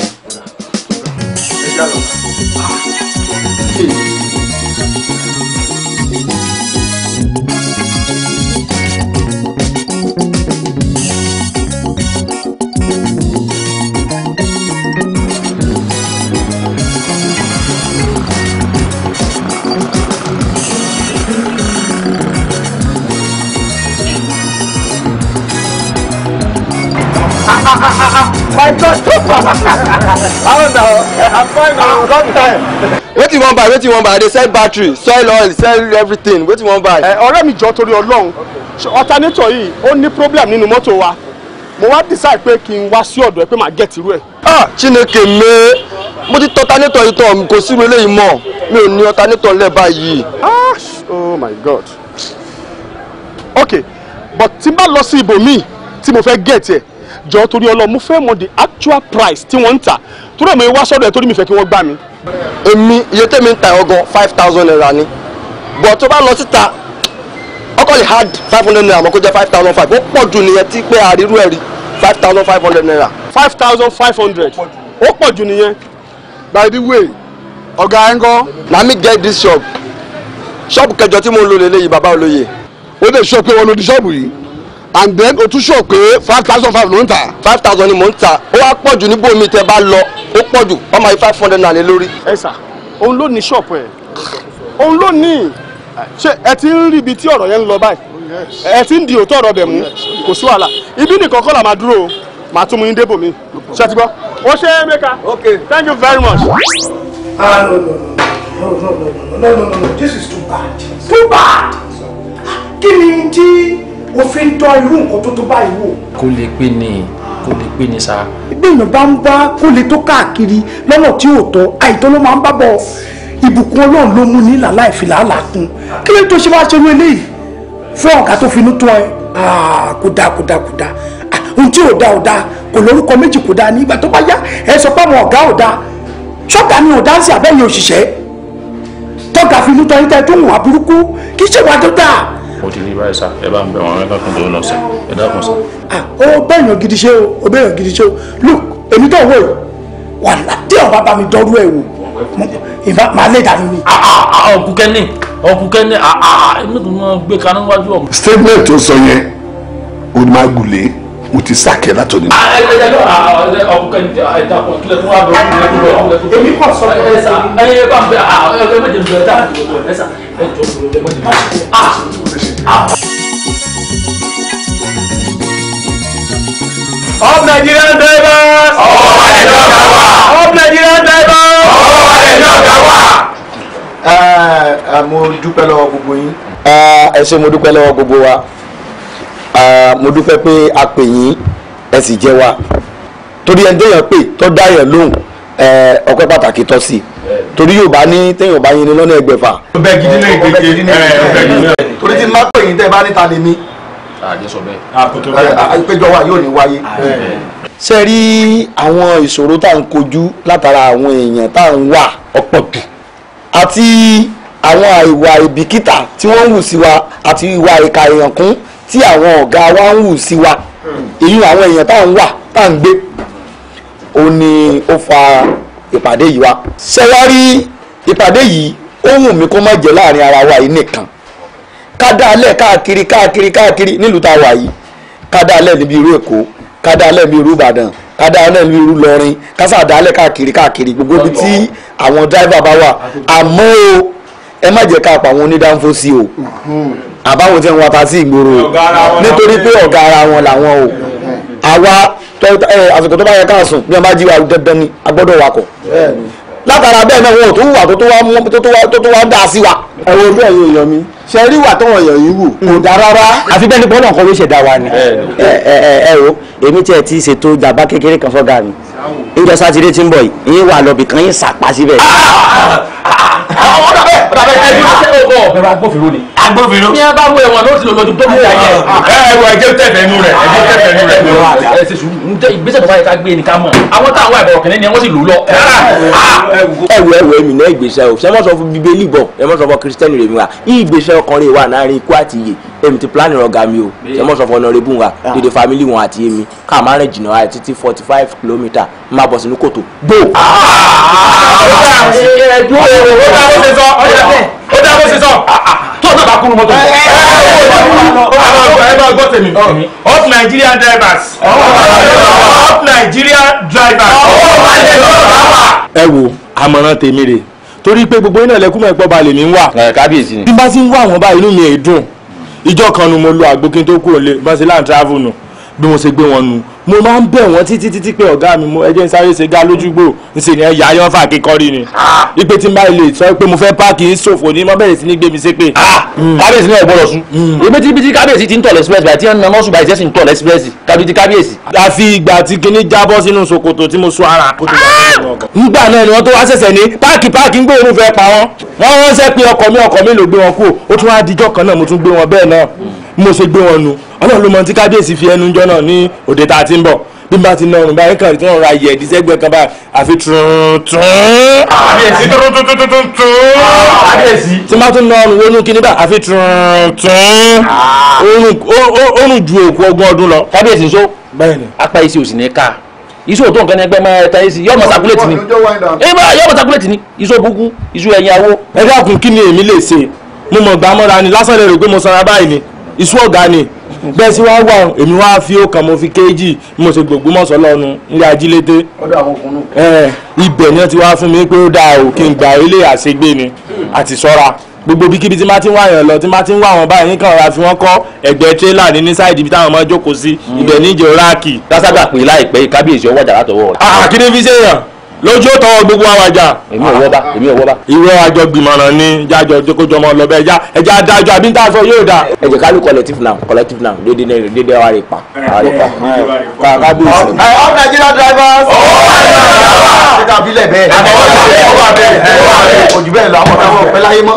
my trust I don't know. I'm fine now. I've got time. wetin wan buy wetin wan buy i sell battery soil oil sell everything What you want buy. Eh, ọ̀rẹ́ mi jọ torí ọlọ́run alternator yìí ó ní problem nínú mọ́tò wa mo wá decide pé kí n wá sí ọ̀dọ̀ ẹ pé màá get irú ẹ̀. ah chineke mé mo ti tọ́ alternator yìí tọ̀ kò sí mi eléyìí mọ̀ mi ò ní alternator lẹ̀ báyìí. Ah, oh my god Okay, but tí n bá lọ sí ibòmíì tí mo fẹ́ get ẹ̀ jọ torí Ọlọ́run mo fẹ́ mọ the actual price tí wọ́n ń tà torí èmi wá sọ́dọ̀ ẹ̀ torí mi fẹ́ kí wọ́n gbà mí. èmi iye tẹ́mi ń ta ọgàn five thousand naira ni bọ̀ tó bá lọ síta ọkọ lè hard five hundred naira mọ̀ kó jẹ́ five thousand five ó pọ̀ jù nìyẹn tí pé àrírú ẹ̀rí five thousand five hundred naira. five thousand five hundred ó pọ̀ jù nìyẹn. by the way ọ̀gá ẹ̀ na me get this shop ṣọ́ọ̀bù kẹjọ tí mo ń lò lélẹ́yìí bàbá olóye. ó lè sọ pé wọn ló di ṣọ́ọ̀bù yìí and then o tún ṣò pé five thousand five ló ń tà. five thousand ni mò ń tà ó wá pọ̀ jù níbo mi tẹ́ bá lọ ó pọ̀ jù wọ́n máa yí five hundred naira lórí. ẹ sà òun ló ní ṣọ́ọ̀pù ẹ̀ òun ló ní ṣe ẹ ti ń rí ibi tí ọ̀rọ̀ yẹn ń lọ báyìí ẹ ti ń di òótọ́ ọ̀rọ̀ bẹ̀ mú kò sí wàhálà ibi nìkan kọ́ la máa dúró o màá tún mú yín débò mi ṣe ti gbọ́ ó ṣe é mẹ́ka okay thank you very much. ah no no no no no no no no no no this is too bad too bad kí ni tí o fi ń dán irú nǹkan tó tó báyìí wò. kó lè pè ní kó lè pè ní sa. bí èèyàn bá ń bá kó lè tó káàkiri lọ́nà tí ò tọ́ àìtọ́ ló máa ń bá bọ̀ ìbùkún ọlọ́run ló mú ní làlá ìfìlàlà kún kí ló tó ṣe wá ṣerú eléyìí fún ọ̀gá tó finú tán ẹ kò dáa kò dáa kò dáa ohun tí ò dáa ò dáa kò lórúkọ méjì kò dáa ní ìgbà tó bá yá ẹ sọ pé àwọn ọ̀gá ò dáa ṣọ́ọ̀gá ni ò dáa sí abẹ́yẹ òṣìṣẹ́ tọ́gà finú tán ẹ tẹ́ tó ń wà burúkú kì í dáa ó ti rí báyìí sá ẹ bá ń bẹ̀ wọ́n rẹ́ lọ́kùn tó lọ sẹ́ ẹ dákun sá. Ah, ó bẹ̀yàn gidi ṣe o ó bẹ̀yàn gidi ṣe o look èmi tó wọ̀ yìí wà ládé ọ̀bá bá mi dọ́rú ẹ̀ wò ìfà máa lè dànù ni. ọkùnkẹ́ ní ọkùnkẹ́ ní inú tó máa gbé kaná wájú ọ̀hún. statement tó sọ yẹn ó máa gùlé mo ti sàkẹ́ látọ̀ nínú. ọkùnkẹ́ ní ẹ̀dàkùn kílẹ̀ tó wà bẹ̀rẹ̀ ní ẹ̀dùn lọ. èmi kò sọ pé ẹ sà ẹ bá ń bẹ ah, ẹ méje ń bẹ ẹ dáhùn ẹ sà ẹ jọ ẹ méje ń bẹ. All Nigerian drivers. Ọwọ́ ẹ̀jọ̀ ká Nigerian drivers. Eh, eh, mo dúpẹ́ lọ́wọ́ gbogbo yín. Eh, ẹ ṣé mo dúpẹ́ lọ́wọ́ gbogbo wa. Mo dúpẹ́ pé a pè yín ẹ sì jẹ́ wa. Torí ẹni téèyàn pè tó dá yẹn lóhùn ọpẹ́ pàtàkì tọ́ sí. Torí Yorùbá ní téèyàn bá yin ni lọ́nà ẹgbẹ̀fà. Ọbẹ̀ gidi náà gbẹgbẹ. Ọbẹ̀ gidi náà gbẹgbẹ torí tí n bá pè yín tẹ́ bá níta lèmi. àjẹsọ bẹ́ẹ̀. àpéjọ wa yóò ní wáyé. ṣe rí àwọn ìṣòro tá à ń kojú látara àwọn èèyàn tá à ń wà ọ̀pọ̀ jù àti àwọn ìwà ìbìkítà tí wọ́n ń wù sí wa àti ìwà ìka èèyàn kún tí àwọn ọ̀gá wa ń wù sí wa èyí àwọn èèyàn tá à ń wà tá à ń gbé ó ní ó fa ìpàdé yìí wa ṣe wá rí ìpàdé yìí ó wù mí kó má jẹ́ láàrin ara wa yìí nìkan kádà alẹ́ káàkiri káàkiri káàkiri nílùú tá a wà yìí kádà alẹ́ níbi irú èkó kádà alẹ́ níbi irú ìbàdàn kádà alẹ́ níbi irú lọrin kásàdà alẹ́ káàkiri káàkiri gbogbo ibi tí àwọn dráìvà bá wà àmọ́ o ẹ má jẹ́ ká pa àwọn onídàáfó sí o àbáwọn tí wọn ta sí ìgboro nítorí pé ọ̀gá ara wọn làwọn o àwa àsìkò tó bá yẹ káàsùn bí wọn bá jí wa dandan ni a gbọ́dọ̀ látara bẹ́ẹ̀ náà wọn ò tún wà tó tó wá ń dá sí wa. ẹ wo bí ẹ̀yin èèyàn mi ṣe rí wà tó wọ̀nyàn yìí wù kò dá rárá. àfi bẹ́ẹ̀ ni bọ́lá nǹkan ló ṣẹ̀dá wa ni. ẹ ẹ ẹ o èmi tiẹ̀ ti ṣètò jàmbá kékeré kan fọ́gà mi. ìjọ sátidé tí ń bọ̀ yìí ìyẹn wà lọ́bì kan yín sàpá síbẹ̀. bàbá ẹni wọn ṣe ọgọ ọbẹ̀rẹ̀ agbófinró ni. agbófinró. ní abá mú ẹ̀wọ̀n lóṣù tó mú ẹ̀yẹ. ẹ ẹ wọ ẹjẹ tẹfẹ inú rẹ ẹjẹ tẹfẹ inú rẹ. ẹ ṣe sùn n tẹ ìgbésẹ̀ tó bá yẹ ká gbé nìkan mọ̀ àwọn táwọn àìbọ̀rọ̀ kìnìún ni wọ́n sì lù lọ. ẹ wo ah. ẹ wo náà ìgbésẹ̀ o ṣé mọ̀ sọ fún bíbélì bọ̀ ẹ mọ̀ sọ fún kírísítẹ́nì rẹ̀ mi wa ìgbésẹ̀ ọkàn rẹ̀ wà láàrin ikú àti iyè èmi ti plan ìrọ̀gà mi o ṣe mọ̀ sọ fún ọ̀nàrẹ́bù wa dédé family wọn àti èmi ká máa rìn jìnnà àti títí forty five kilometre máa bọ̀ sínú kòtò bò. ó dá bó ṣe sọ ó dá bó ṣe sọ tó náà bá kúrú mọ́tò. ẹ bá gbọ́ tèmi up Nigeria drivers up Nigeria drivers. ẹ wo àmọ̀ràn tèmi rè torí pé gbogbo iná ẹlẹ́kùnmọ̀ ẹ̀pọ̀ balẹ̀ mi ń wà. kábíyèsí ni. bí n bá ti ń wá àwọn báyìí inú mi ẹ̀ dùn ìjọ kan nu mo lo àgbo kí n tó kúrò lé bá ṣe láǹ nù. No bí mo ṣe gbé wọn nu mo máa ń bẹ̀ wọ́n títí títí pé ọ̀gá mi mo ẹjẹ́ ń sáré ṣe ga lójúgbò ń ṣe yẹn yà yọ́n fà kíkọ́rí ni ipe tí n bá ilé sọ pé mo fẹ́ páàkì ń ṣòfò ní mo bẹ̀rẹ̀ sí ní gbé mi ṣépè. Ah! Hmm. kábíyèsí náà gbọ́dọ̀ sùn ibi hmm. tí bíi kábíyèsí ti ń tọ̀lẹ̀ express báyìí tí wọ́n ń nọ́ọ̀sù báyìí tẹ́sí ń tọ̀lẹ̀ express kábíyèsí kábíyèsí. àfi ìgbà tí kinní jábọ́ sínú ṣòkòtò tí mo sọ ara. Ah! nígbà náà ni wọ́n tó wá ṣẹ̀ṣẹ̀ ní páàkì páàkì ń gbé irúfẹ́ pa wọ́n wọ́n ránṣẹ́ pé ọkọ̀ mi ọkọ̀ mi ló gbé wọn kú mo ṣe gbé wọn nu ọlọ́run ló mọ tí kábíyèsí fi ẹnu jọ ní òde tá a ti ń bọ̀ bí bá ti nọrùn báyìí kan tí wọ́n ra yẹ̀ ẹ̀dí sẹ́gbẹ̀ẹ́ kan báyìí àfi tuntun. kábíyèsí tuntun. kábíyèsí. tí má tún nọrùn wọnú kíní bá àfi tuntun. oorun ju òkú ọgbọ̀n ọdún lọ. kábíyèsí nso apá isi ò ní ká iṣu òtún nǹkan ẹgbẹ́ máa ta isi yọmọ sakuléètì ni yọmọ sakuléètì ni iṣu òbúkú iṣu ẹ̀yìn awo. ẹ dákun kí ni èmi lè ṣe mo mọ̀ gbàmọ́ra ni lásán lè rò pé mo sanra báyìí ni iṣu ọ̀gá ni bẹ́ẹ̀ sí wá wà èmi wá fi ó kan mo fi kéèjì mo ṣe gbogbo mọ̀sán lọ́nu ilé ajílété ibẹ̀ ni wọ́n ti wá fún mi pé ó dáa o kí n gba ilé àṣegbè ni àti sọ́ra gbogbo bíkíbi tí má ti ń wá yàn lọ tí má ti ń wá àwọn báyìí nìkan ra fi wọ́n kọ́ ẹ̀gbẹ́ tírélà ní ní sáìdì ibi táwọn ọmọ jókòó sí ibẹ̀ níjẹ́ ráàkì. lásàgbà pé láìpẹ́ kábíyèsí ọwọ́ jà látọwọ́ rẹ̀. àkíní ah, ah, fi ṣe yàn lójú ó tọwọ́ gbogbo àwàjà. èmi ò wọ́ba èmi ò wọ́ba. ìwé àjọ gbìmọ̀ràn ni jájọ jókòjọmọ lọ́bẹ̀ ẹja ẹja adájọ àbí níta sọ yóò dà. ẹ jẹ́ ká lù collective now collective now dédé náà dédé wa rè pa. ká ká bí ìsìn. all Nigeria drivers. ó wà bẹ́ẹ̀. ṣé ká bílẹ̀ bẹ́ẹ̀. àbẹ̀wò àbẹ̀wò àbẹ̀wò àbẹ̀wò òjì bẹ́ẹ̀ lọ àwọn ọ̀tá wọn ò pẹ́ láyé mọ́.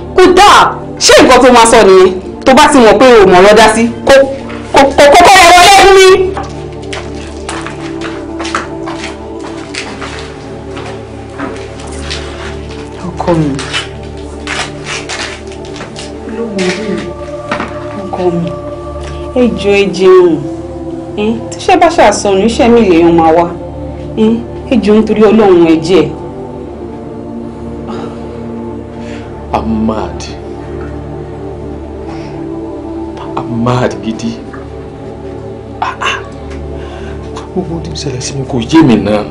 kódà ṣé nǹkan tó máa sọ nìyẹn tó bá ti mọ̀ pé o mọ̀ ọ́ dá sí kó kó kó kó ẹ wọlé fún mi. ọkọ mi ọkọ mi ẹ jọ ẹ jẹun tíṣẹ́ bá ṣàsọnù iṣẹ́ mi lèèyàn máa wá ẹ jọ nítorí ọlọ́run ẹ jẹ́ ẹ. am mad I'm mad gidi Ah, ah. tí ń ṣẹlẹ̀ sí mi kò yé mi náà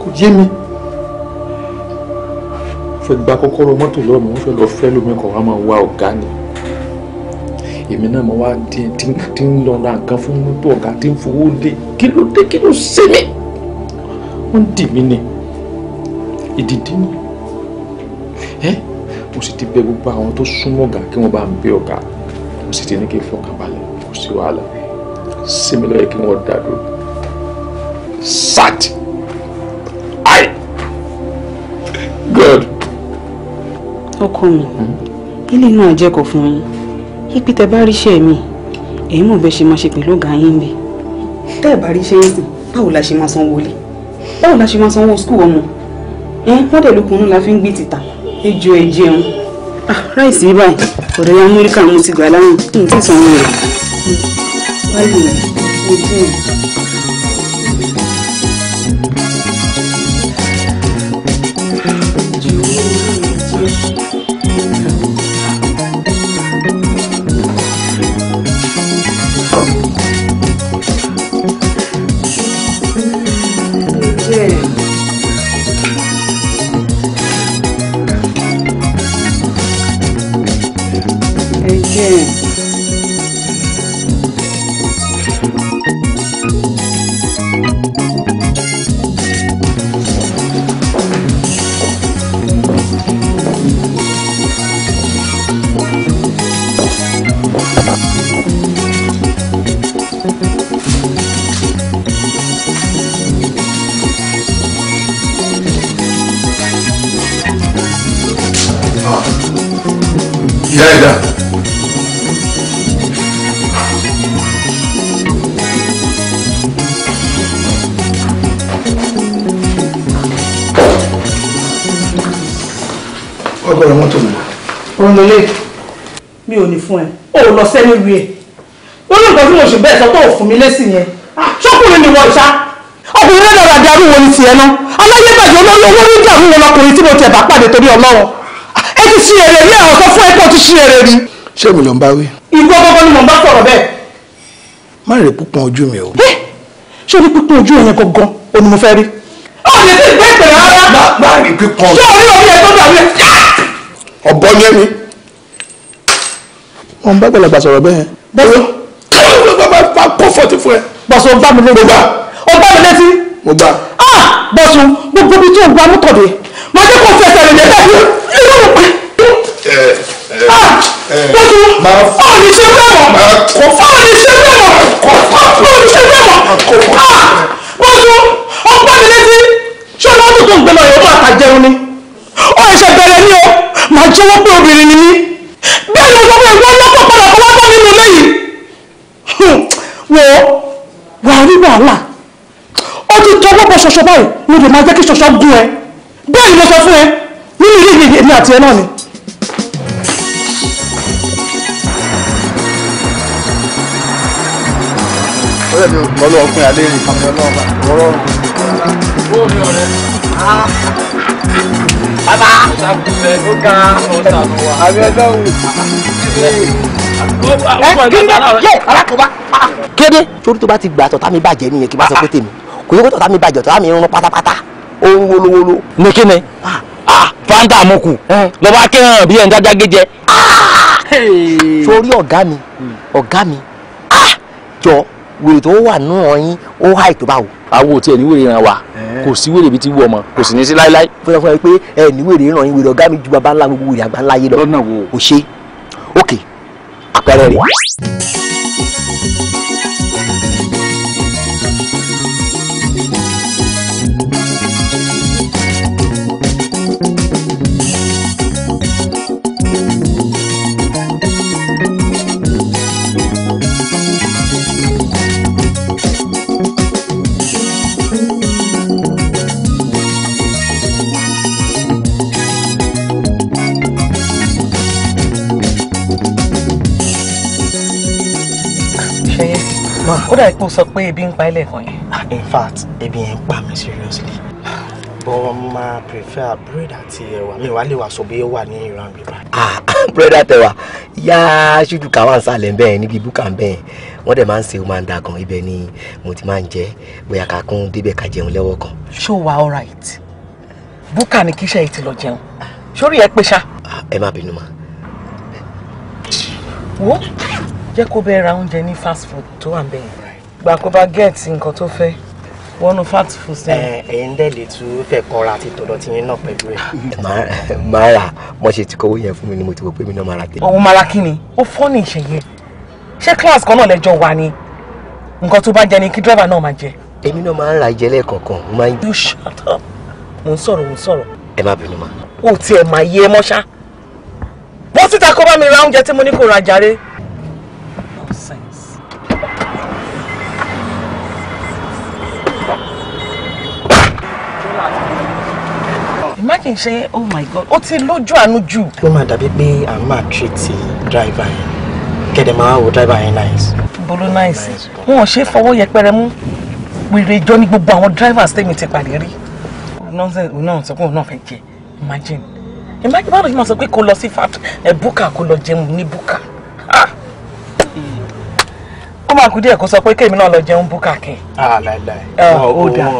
kò yé mi fẹ́ gba kọ́kọ́rọ́ mọ́tò lọ́wọ́ mi wọ́n fẹ́ lọ fẹ́ lómi kọ̀ wá máa wá ọ̀gá ni èmi náà mo wá tí ń lọ ra nǹkan fún mọ́tò ọ̀gá tí ń fowó lé kí ló dé kí ló ṣe mí wọ́n dì ni ìdìdí ni mo sì ti bẹ gbogbo àwọn tó súnmọ́ ọ̀gá kí wọ́n bá ń bẹ ọ̀gá mo sì ti ní kí n fọkàn balẹ̀ kò sí wàhálà sinmi ló kí wọ́n dá dúró sat i god. ọkọ mi hmm? ilé náà jẹ́kọ̀ọ́ fún yín ipi tẹ bá ríṣẹ́ mi èyí mò ń bẹ ṣe máa ṣe pẹ̀lú ọ̀gá yín mi. tẹ́ ẹ̀ bá ríṣẹ́ yín sìn báwo la ṣe máa sanwó lé báwo la ṣe máa sanwó skul ọmọ ẹ̀ wọ́n dẹ̀ lókun la fi ń gbé títà ejò ẹ jẹun ráìsì yìí báyìí ọ̀dọ̀ ya múríkà mo ti gbà láyìn ní tí ìsanwó rẹ̀ wáyé ojú ẹ̀. ẹrù ẹ̀ ó ní nǹkan tí mo ṣe bẹ́ẹ̀ sọ tó fún mi lẹ́sìn yẹn ah, ṣọ́kùnrin ni wọ́n ṣá. ọkùnrin náà dàgbà dàrú wo ni tiẹ̀ náà aláyé bàjẹ́ olówó ní dàrú wọn ọkùnrin tí mo tiẹ̀ bá pàdé torí ọlọ́run ah, ẹ ti ṣe èrè rí àwọn sọ fún ẹ pé ó ti ṣe èrè rí. ṣé mi ló ń bá wí. ìgbọ́ gbogbo ni mò ń bá sọ̀rọ̀ bẹ́ẹ̀. má rè púpọ̀ ojú mi o. ṣé o ní pípọ́n ojú yẹn gangan o ni mo fẹ́ rí. ó lè ti gbé ìpè rárá. má rè pípọ́n. ṣé o ní orí ẹ tó dàrú ẹ. ọ̀bọ ni ẹni wọn bá gbàlagbà sọ̀rọ̀ bẹ́ẹ̀. bẹ́ẹ̀ káwọn ló bá fa kọ́fọ̀tì fún ẹ. bọ̀sùn gbá mi létí. mo gbá mi létí. mo gbá. ah bọ̀sùn gbogbo ibi tí o gbà mọ́tọ̀dé máa jẹ́ kó fẹsẹ̀ rìn lẹ́tà yìí irú mi pa. Eh, eh, ah eh. bọ̀sùn ọ̀ ní ṣe fẹ́ mọ̀ ọ̀ ní ṣe fẹ́ mọ̀ ọ̀ ní ṣe fẹ́ mọ̀ ah bọ̀sùn ọ̀ gbá mi létí ṣọlá ọdún tó ń gbẹ ọlọ́run. kéde torí tó bá ti gbà tọ̀tà mi bàjẹ́ nìyẹn kí n bá sọ pé tèmi kò yẹ kó tọ̀tà mi bàjẹ́ tọ̀tà mi ń rún pátápátá ó ń wolowolo. ní ah. Ah, eh. kí ni fanta moku lọ́ba kẹ́hàn bí ẹ̀ ń jájá gẹ́jẹ́. torí ọ̀gá mi ọ̀gá mi ah. jọ wèrè tó wà nù ọyìn ó háì tó bá wò. àwọn òtí ẹ̀ ní wèrè ìran wa eh. kò sí wèrè ibi tí wú ọmọ kò sì ní sí láéláé. fúnra fúnra pé ẹ ní wèrè ìran yín wèrè ọ̀gá mi ju baba ńlá gbogbo wèrè àgbà ńlá yé lọ. lọ́nà wo. ò ṣe ókè àpẹẹrẹ rẹ̀. ó dà pé o sọ pé ebi ń pa ilé kan yẹn. Ah, in fact ebi yẹn ń pa mi seriously but ma prefer bread àti ẹ̀wà mi wàá lè wà sọ bí ó wà ní ìran bíbá. Ah, ah bread àtẹwà yá ṣíjú káwá ń sàlẹ̀ bẹ́ẹ̀ níbi búkà ń bẹ́ẹ̀ wọ́n dẹ̀ máa ń ṣe ó máa ń da gan ibẹ̀ ni mo ti máa ń jẹ bóyá ká kún débẹ̀ ká jẹun lẹ́wọ́ kan. ṣó wa all right búkà ni kíṣẹ́ yìí ti lọ jẹun sórí ẹ pé ṣá. Ah, ẹ má bínú ma. wo jẹ́ kó bẹ́ẹ̀ ra oúnjẹ ní fast food tó wà ń bẹ́ẹ̀ yẹn gbà kó bá gẹ̀ẹ́tì nǹkan tó fẹ́ wọnú fat food sẹ́yìn. Eh, ẹ̀yin dẹ́ lè tú fẹ́ kọ́ra àti tọ̀dọ̀ tí yín náà pẹ̀lú ẹ̀. máa ra mo ṣe ti kọ́wọ́ yẹn fún mi ni mo ti wò pé mi náà máa ra tèmi. òun máa kí ni ó fọ́ ní ìṣẹ̀yẹ ṣé class kan náà lẹ́jọ́ wa ni nǹkan tó bá jẹ ni kí driver náà máa jẹ. èmi náà máa ń ra ìjẹ lẹ́ẹ̀kọ̀ọ̀kan mo máa ń. you shut up mo ń sọ̀rọ̀ mo ń sọ̀rọ̀. ẹ má bínú ma. o tiẹ̀ máa yé ẹ mọ́ṣá bó síta kó bá mi ra oúnjẹ tí mo ní kó ra ṣe oh my god ó ti lójú àánú jù. ó máa dàbí pé à máa treat driver yẹn kẹ̀dẹ̀ máa wo driver yẹn nice. bolo nice wọn ò ṣe fọwọ́ yẹpẹrẹ mú wèrè ìjọ ní gbogbo àwọn drivers tẹ̀mí ti pàdé rí nonsense òun náà sọ pé òun náà fẹ́ jẹ imagine imagine báwo ni mo sọ pé kó lọ sí fat ẹ búkà kó lọ jẹun ní búkà ó máa kú díẹ̀ kó sọ pé kéèmí náà lọ jẹun búkà kí. Ah, ah, ó dà ó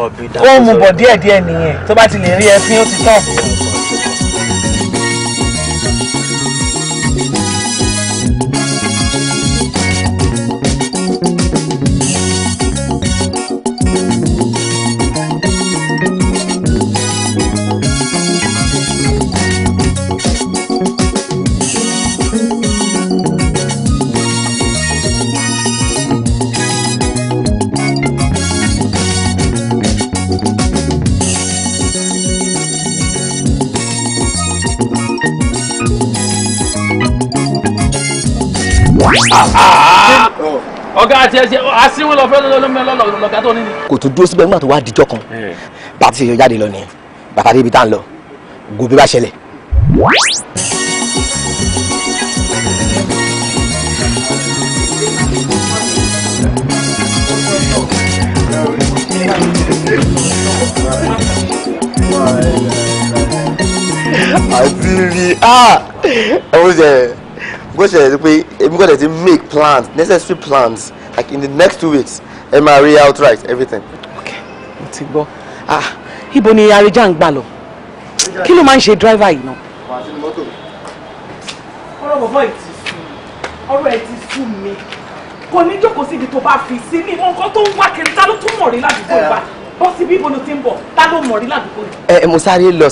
mú bọ̀ díẹ̀díẹ̀ nìyẹn tó bá ti lè rí ẹ fín ó ti tán. ọ̀gá àti ẹ̀ṣẹ̀ àṣìwọ̀n lọ́fẹ́ lọ́gá tó ní. kò tún dúró síbẹ̀ nígbà tó wá dijọ́ kan bàtí ṣe jáde lọ nìyẹn bàtà débi tá à ń lọ gòbí bá ṣẹlẹ̀. àti rí i ah ọ̀hún ṣe bó ṣe rẹ̀ pé ebi kọ́ dẹ̀ make plans necessary plans like in the next two weeks M.R.E. outright everything. Okay. mo ti ah ibo ni arija ń gbà lọ kí ló máa ń ṣe driver yìí náà. ọ̀rọ̀ bọ̀bọ̀ ẹ̀ ti sú mi ọ̀rọ̀ ẹ̀ ti sú mi kò ní jókòó síbi tó bá fi sí mi nǹkan tó ń wá kiri ta ló tún mọ̀ rí ládùúgbò ìgbà bọ́sì bí ibo ló ti ń bọ̀ ta ló mọ̀ rí ládùúgbò ìgbà. ẹ mo sáré lọ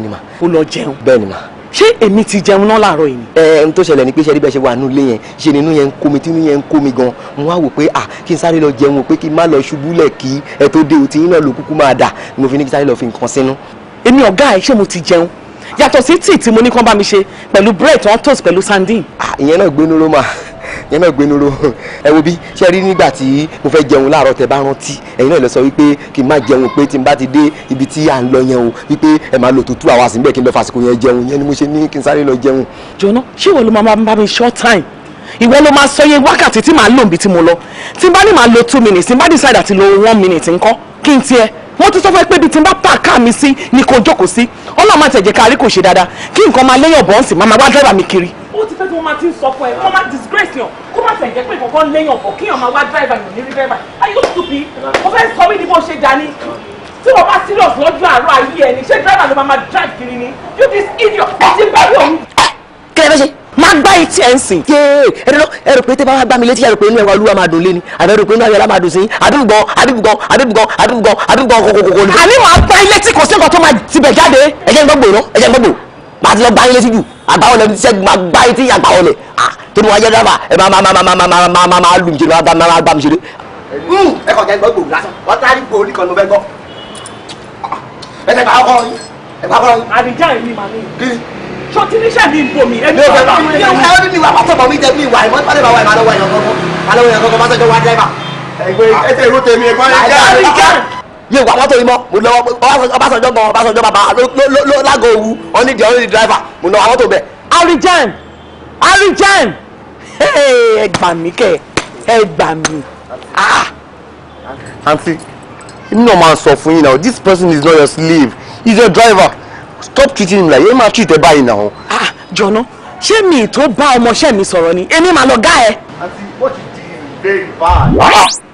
ni mà. ó lọ jẹun. ni mà ṣé èmi ti jẹun náà láàárọ̀ yìí. ẹ ẹ n tó ṣẹlẹ̀ ni pé ṣe rí bẹ́ẹ̀ ṣe wà nínú ilé yẹn ṣe nínú yẹn ń kó mi tínú yẹn ń kó mi gan mo wá wò pé à kí n sáré lọ jẹun pé kí n má lọ ṣubúlẹ̀ kí ẹ tó dé òtí náà ló kúkú máa dà mo fi ní kí sáré lọ fi nǹkan sínú. èmi ọ̀gá ẹ ṣé mo ti jẹun yàtọ̀ sí tíì tí mo ní kán bá mi ṣe pẹ̀lú bread tó ń toast pẹ̀lú sandine. ìyẹn náà gbénú ló máa yẹn mọ̀ gbénu ro ẹ wo bí ṣe rí nígbà tí mo fẹ́ jẹun láàárọ̀ tẹ bá rántí ẹ̀yin náà lọ sọ wípé kí n má jẹun pé tí n bá ti dé ibi tí à ń lọ yẹn o wípé ẹ máa lò tó tú àwa síbẹ̀ kí n lọ fàsìkò yẹn jẹun yẹn ni mo ṣe ní kí n sáré lọ jẹun. jọ̀nà ṣé ìwọ ló máa bá mi short time ìwọ ló máa sọ yẹ wákàtí tí màá lò níbi tí mo lọ tí n bá ní màá lo two minutes tí n bá decide àti lo one minute ńkọ́ kí n tiẹ̀ wọ́n ti sọ fẹ́ pé ibi tí n bá pàkà mi sí ni kò jókòó sí ọlọ́run máa tẹ̀jẹ̀ kárí kò ṣe dáadáa kí nǹkan máa léyàn bọ́ọ̀sì máa máa wá dẹ́rẹ́bà mi kiri ó ti fẹ́ tí wọ́n máa ti ń sọ fún ẹ kó má disgrace yàn kó má tẹ̀ jẹ́ pé kankan léyàn bọ̀ kíyàn máa wá driver yàn ní rí driver are you stupid mo fẹ́ sọ mí ni bó ṣe dání tí wọ́n bá serious lọ́jọ́ àárọ̀ ayé ẹni ṣé driver ló máa máa drive kiri ni you this idiot ẹ ti bá rí òun. kílẹ̀ fẹ́ ṣe máa gbá etí ẹ̀ ń sìn yéé ẹ̀rọ pé tẹ́ bá gbá mi létí ẹ̀rọ pé inú ẹ̀wà olúwa máa dùn lé ni àbí ẹ̀rọ pé inú ayọ̀lá máa dùn sí abíbùgàn abíbùgàn abíbùgàn abíbùgàn abíbùgàn kòkòkò ni. àní wàá gbá ilé tí kò sí nǹkan tó máa tibẹ̀ jáde ẹ̀jẹ̀ ń gbọ́ gbòòrò ẹ̀jẹ̀ ń gbọ́ gbòòrò pàtí lọ gbáyé létí jù àgbáwọlẹ ṣẹ́gun máa gbá àgbáwọlẹ ah tó ní wọn jẹ́ dábàá ẹ máa máa máa máa máa máa máa máa lù mí ṣe máa máa bá mi ṣe ẹ kọjá ẹgbẹ́ gbòòrò lásán wọ́n tá gbòòrò kan ló fẹ́ gbọ́. ẹ tẹ̀ bá kọ́ ẹ bá kọ́ ọ. àdìjá yìí màmí. kí ni sọtiníṣẹ́ mi bomi ẹni tó bá mi. ní ìwà pàṣẹpọ̀ mi jẹ mi ìwà ìmọ̀ ìpàdé bàwá ìmọ̀ àlọ́wọ̀ ìyàn yé wà mọ́tò yìí mọ́ mo lọ ọbásanjọ́ gan ọbásanjọ́ bàbá lágọ̀ọ́ òwu ọ́nìdì ọ́nìdì driver. mo lọ wà mọ́tò bẹ́ẹ̀. arijan arijan ẹ gbà mí kẹ ẹ gbà mí. àǹtí ah! inú náà máa sọ fún yín náà this person is not your slave he is your driver stop treating him like yẹn máa treat ẹ báyìí náà. Ah, jọ̀nà ṣé mi tó bá ọmọọṣẹ́ mi sọ̀rọ̀ ni èmi máa lọ gá ẹ. àǹtí what you did is very bad. Ah!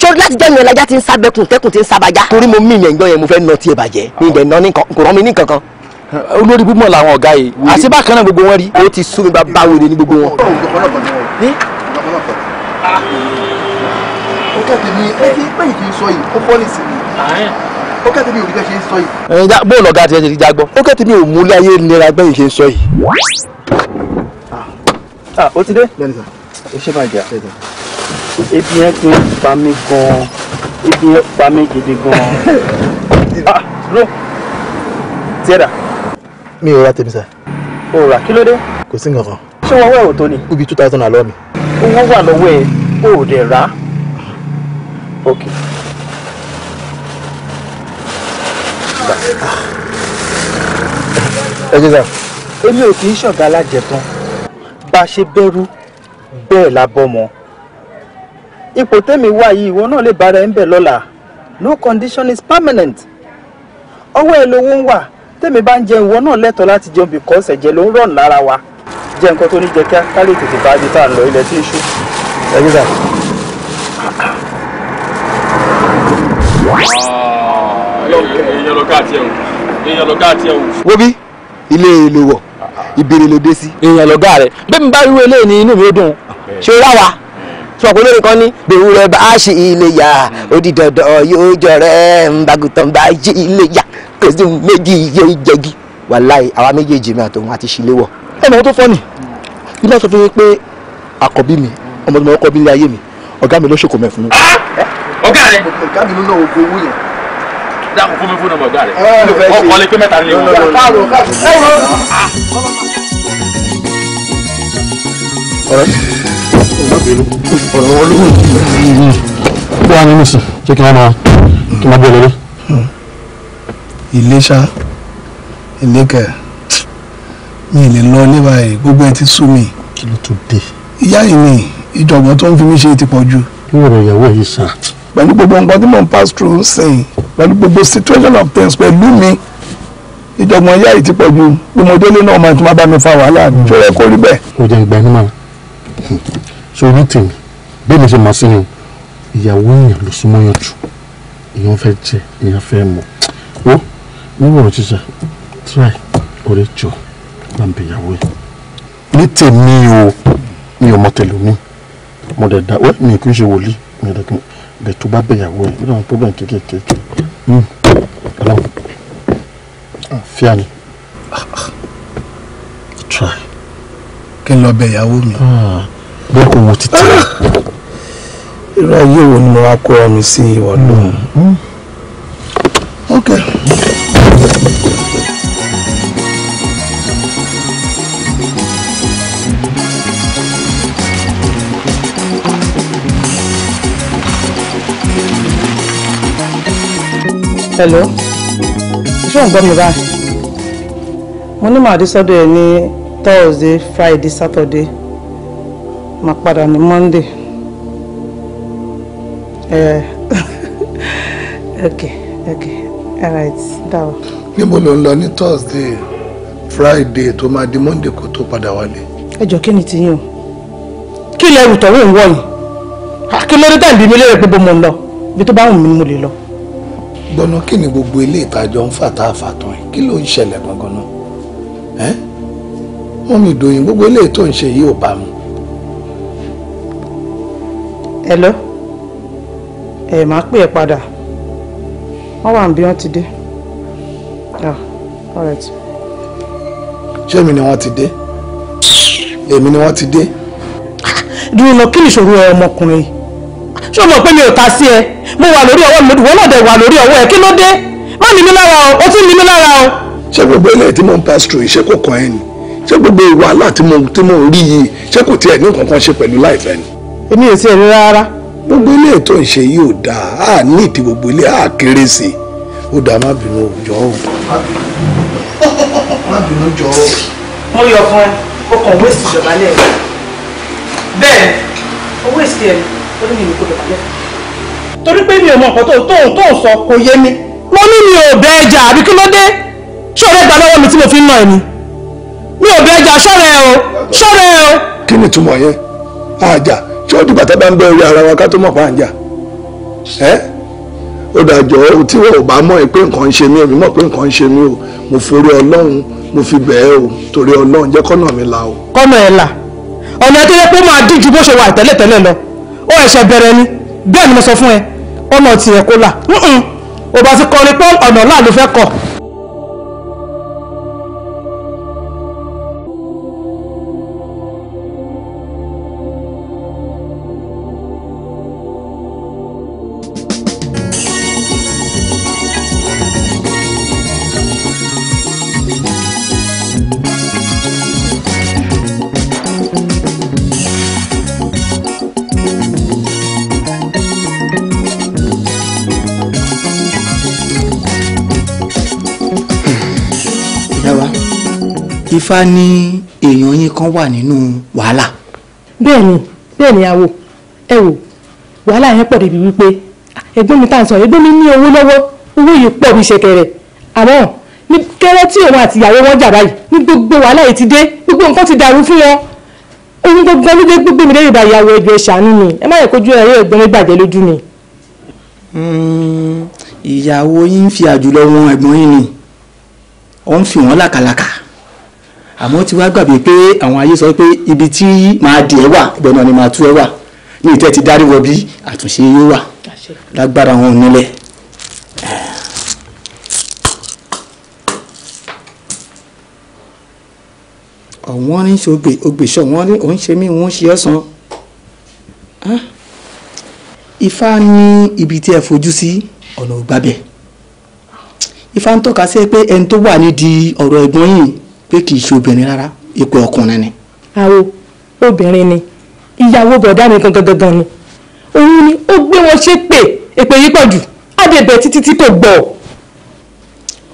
sori láti jẹ́ mi ẹlẹ́jà ti ń sábẹ́kùn tẹ́kùn ti ń sábàjá. torí mo mí ìyẹn gbọ́n yẹn mo fẹ́ nà tiẹ̀ bàjẹ́ mi ìdẹ̀ nà ní kò rán mi ní kankan. olórí bímọ làwọn ọ̀gá yìí àti bákan náà gbogbo wọn rí. ó ti sún mi bá báwo ni gbogbo wọn. ó kẹ́ tèmi ò ní bẹ́ẹ̀ ṣe ń sọ yìí. ẹ̀yin bóòlù ọ̀gá tiẹ̀ ti jágbọ́. ó kẹ́ tèmi ò múlẹ̀ ayé nira gbẹ̀yìn ṣe ń sọ yìí. Ah. Ah, ó ti dé. ó ṣe máa jẹ́ àtẹ̀jọ́ ebi yẹn ti ń pa mí gan-an ebi yẹn pa mí gidi gan-an. ah, ah bro tiẹ̀ dà. mi ò ra tèmi sá. o rà kí ló dé. kò sí nǹkan kan. ṣé wọn wẹ̀ ò tó ni. ibi two thousand àlọ́ mi. owó wà lọ́wọ́ ẹ o ò dẹ̀ rà. ok. Ah. ẹ jẹ́ sá. èmi ò kì í ṣọ̀gá alájẹtán bá a ṣe bẹ̀rù bẹ́ẹ̀ la bọ́ mọ́. ipò tẹ́mi wá yìí ìwọ náà lè bára ẹ̀ ń bẹ̀ lọ́la no condition is permanent ọwọ́ ẹ lówó ń wà tẹ́mi bá ń jẹ ìwọ náà lẹ́tọ̀ọ́ láti jẹun because ẹ̀jẹ̀ ló ń rọ̀n lára wa jẹ́ nǹkan tó ní jẹ kíá ká lè tètè bá ibi tá à ń lọ ilẹ̀ tí ń ṣú. èèyàn lọ ẹ̀ wò èèyàn lọ ẹ̀ wò. wo bí ilé èlò wọ̀ ìbèrè ló dé sí. èèyàn lọ gáà rẹ bẹ́ẹ̀ mi bá rí wọlé ní inú mi ó dùn ṣé ó wá wa. sọ̀kò lórí kan ní gbèrú rẹ̀ bá ṣe ilé yá odi dandan yóò jọ rẹ̀ ń bá ṣe ilé yá kò méjì yóò jẹgi wàláì àwa méjèèjì mi àtòun àti ṣílé wọ̀. ẹ mọ̀ tó fọ́ọ̀nì ilé sọ fún mi pé àkọ́bí mi ọmọ tó mọ̀ ọkọ bí ayé mi ọ̀gá mi ló ṣòkò mẹ́ ah! ọ̀gá rẹ̀ ọ̀gá mi ló náà owó yẹn. dákun fún mi fún ọmọ ọ̀gá rẹ̀ ah! ọkọ̀ ọ̀rọ̀ wọn ló wù ní nísìn jẹ́ kí wọ́n máa kí wọ́n bí ọlọ́lọ́. Iléṣà Ilékè mi ì lè lọ ní báyìí gbogbo ẹ ti sú mi. kí ló tó dé. ìyá yìí ni ìjọ̀gbọ́n tó ń fi mí ṣe ti pọ̀ jù. kí wọ́n rẹ̀ ìyàwó yìí sàn. pẹ̀lú gbogbo nǹkan tí mò ń pass through sìn pẹ̀lú gbogbo situation of things pẹ̀lú mi ìjọ̀gbọ́n ìyá yìí ti pọ̀ jù bí mo náà máa tún máa bá mi fa wàhálà. ṣé ẹ kó bẹ́ẹ̀. ó jẹ́ ìgbà ẹni máa so sórí tèmi bẹ́ẹ̀ mi ṣe máa sínú ìyàwó èèyàn ló súnmọ́ yàn jù èèyàn fẹ́ jẹ èèyàn fẹ́ mọ̀ ó níwọ̀n ọ̀rọ̀ jíjà try orí jọ bá ń bẹ ìyàwó ẹ̀ ní tèmi o mi ò mọ tẹlómi mo dẹ̀ dá wẹ́ mi kì í ṣe wòlíì mi dẹ̀ kí n bẹ̀ tó bá bẹ ìyàwó ẹ̀ nígbà wọn problem kéékèèké hmm, ọlọ́run àfíà ah, ni try kí n lọ bẹ ìyàwó mi. Ah bẹ́ẹ̀ kò wo títí ah! irú ayé wo ni mo wá kó ọmọ sí ìwọ lóhùn. Hmm. Hmm. hello ṣé òun gbọ́ mi báyìí mo ní màá dé sọ́dọ̀ ẹ̀ ní thursday friday saturday máa padà ní Monday ẹ ok ok alright dáwọ. níbo ló ń lọ ní Thursday Friday tó máa di Monday kó tó padà wálé. ẹ jọ kí ni tiyín o kí ilẹ̀ ìrùtọ̀wé ń wọ̀ yìí kí ló dé tàbí mi lérè pé bó mo ń lọ ibi tó bá wù mí ni mo lè lọ. gbọ́nà kí ni gbogbo ilé ìtajọ ń fàtà àfàtàn ẹ̀ kí ló ń ṣẹlẹ̀ gangan náà mọ́mí ìdòyìn gbogbo ilé tó ń yìí ò bá mu hello ẹ máa pè é padà wọ́n wà níbi wọ́n ti dé ah, ṣé èmi ni wọ́n ti dé èmi ni wọ́n ti dé. dúró lọ kí ni ìṣòro ẹ ọmọkùnrin ṣé o mọ̀ pé mi ò ta sí ẹ mo wà lórí ọwọ́ mi wọ́n náà dẹ̀ wà lórí ọwọ́ ẹ kí ló dé má ní mi lára o ó tún ní mi lára o. ṣé gbogbo ilé tí mò ń pass through iṣẹ́ kò kàn ẹ́ ni ṣé gbogbo ìwàhálà tí mò ń rí yìí ṣé kò tiẹ̀ ní nǹkan kan ṣe pẹ̀lú láìfẹ́ ni èmi ò sí ẹ̀rí rárá. gbogbo ilé ètò ìṣe yìí ò dáa á ní ìdí gbogbo ilé á kéré sí i ó dáa má bínú òjò o. má bínú jọ o. mo yọ fún ẹ o kàn wéèsì ìjọba lẹ́ẹ̀ bẹ́ẹ̀ o wéèsì ẹ̀ ó ní ìlú kó dọ̀bà lẹ́ẹ̀. torí pé mi ò mọ ọ̀kan tó tó tó sọ kò yé mi. wọ́n ní mi ò bẹ ẹja àbí kí ló dé ṣọ́ọ̀rẹ́ gba lọ́wọ́ mi tí mo fi ń nà ẹ̀ ni mi ò bẹ ẹja ṣọ́ọ̀rẹ́ o ṣọ́ọ̀rẹ́ o. kí ni ìtumọ̀ yẹn ajá ṣé ó dìgbà tá a bá ń bẹ orí ara wa ká tó mọ̀ pa àǹjà ẹ́ ó dàjọ́ tí wọn ò bá mọ̀ pé nǹkan ń ṣe mí èmi mọ̀ pé nǹkan ń ṣe mí o mo forí ọlọ́run mo fi bẹ̀ẹ́ o torí ọlọ́run jẹ́ kọ́nà mi là o. kọ́nà ẹ̀ là ọ̀nà tó yẹ pé máa dín ju bó ṣe wà tẹ́lẹ̀ tẹ́lẹ̀ lọ ó ẹ̀ṣẹ̀ bẹ̀rẹ̀ ni bẹ́ẹ̀ ni mo sọ fún ẹ ọ̀nà tiẹ̀ kó là ó ti kọrin pé ọ̀nà láà fẹ́ kọ̀ ifá ní èèyàn yín kan wà nínú wàhálà. bẹ́ẹ̀ ni bẹ́ẹ̀ ni àwò ẹ wò wàhálà yẹn pọ̀ débi wípé ẹgbẹ́ mi tá à ń sọ ẹgbẹ́ mi ní owó lọ́wọ́ owó yìí pọ̀ bí ṣẹ̀kẹ̀rẹ̀ àmọ́ ní kẹ́rẹ́ tí òun àti ìyàwó wọn jà báyìí ní gbogbo wàhálà yìí ti dé gbogbo nǹkan ti dàrú fún wọn ohun gbogbo ló dé gbogbo mi lẹ́yìn ìbàyà àwọn ẹgbẹ́ ṣàánú mi ẹ má yẹ kojú ẹ̀rọ ẹ̀gbọ́n mi bàjẹ́ lójú mi. Hmm, ìyàwó yín ń fi àjùlọ wọn ẹ̀gbọ́n yín ni ó ń fi wọn làkàlàkà àmọ́ tí wàá gbàgbé pé àwọn ayé sọ pé ibi tí màá di ẹ wà ibẹ̀ náà ni màá tú ẹ wà ní ìtẹ́ ti dárí wọ bí àtúnṣe yóò wà lágbára wọn nílẹ̀. ọ̀wọ́n ní ṣògbè ògbèṣọ́ wọn ní òun ṣe mí òun ṣe ọ̀sán ifá ní ibi tí ẹ fojú sí ọ̀nà ògbàbẹ̀ ifá ń tọ́ka sí ẹ pé ẹni tó wà nídìí ọ̀rọ̀ ẹ̀gbọ́n yìí pé kì í ṣe obìnrin rárá ipò ọkùnrin ni. àwo obìnrin ni ìyàwó bọ̀dá mi gangan gangan ni òun ni ó gbé wọn ṣe pé èpè yìí pọ̀ jù ádébẹ̀ títí tí kò gbọ́.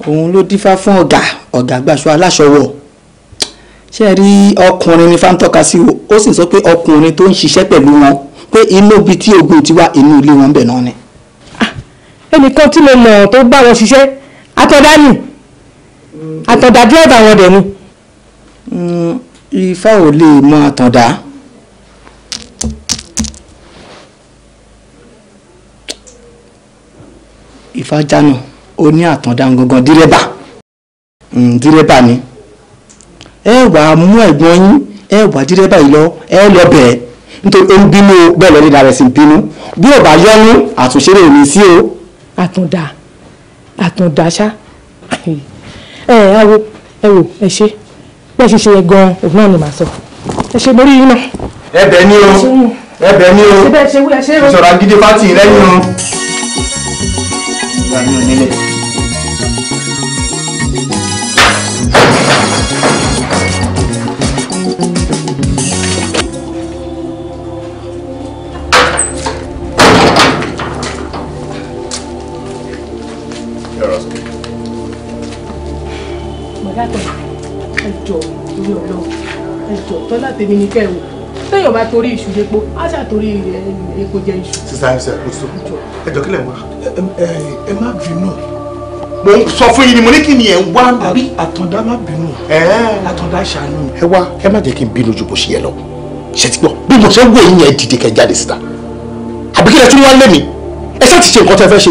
òun ló dífá fún ọ̀gá ọ̀gá gbàṣọ aláṣọwọ́ ṣe rí ọkùnrin ni fáńtọ́ka sí o ó sì sọ pé ọkùnrin tó ń ṣiṣẹ́ pẹ̀lú wọn pé inú ibi tí ogun ti wá inú ilé wọn bẹ̀ náà ni. Ah, ẹnìkan tí mo mọ̀ tó bá wọn ṣiṣẹ́ àtọ̀dá nì Mm. àtọ̀dá dírẹ́bà wọn dẹ̀ ni. Mm, ifá ò lè mọ àtọ̀dá. ifá jáná ó ní àtọ̀dá gangan dírẹ́bà mm, dírẹ́bà ni ẹ wà á mú ẹ̀gbọ́n yín ẹ wà á dírẹ́bà yìí lọ ẹ lọ bẹ̀ẹ́ nítorí ó ń bínú bẹ́ẹ̀ lọ́ọ́ nígbà rẹ̀ sì ń bínú bí ò bá yọ́nú àtúnṣe lè ní sí o. àtọ̀dá àtọ̀dá ṣáá ẹ ẹ awo ẹ wò ẹ ṣe bẹ́ẹ̀ ṣe ṣe yẹ gan-an òun náà ni màá sọ ẹ ṣe borí yín náà. ẹ̀bẹ̀ ni o ẹ̀bẹ̀ ni o ìṣọ̀rọ̀ agídé fátì lẹ́yìn o. ìgbà mi ò tèmi ní kẹ́wò téèyàn bá torí iṣu epo á ṣàtorí epo jẹ iṣu. sísá ẹsẹ oṣù ẹjọ kílẹ̀ wá ẹ má bínú mo sọ fún yín ni mo ní kí ni ẹ wá àbí. àtọ̀dá má bínú àtọ̀dá ṣàánú. ẹ wá ẹ má jẹ́ kí n bínú ju bó ṣe yẹ lọ ṣe ti gbọ́ bí mo ṣe ń wò yín yẹn dìde kẹ́ jáde síta àbí kí lẹ tún wá lé mi ẹ ṣáà ti ṣe nǹkan tẹ fẹ́ ṣe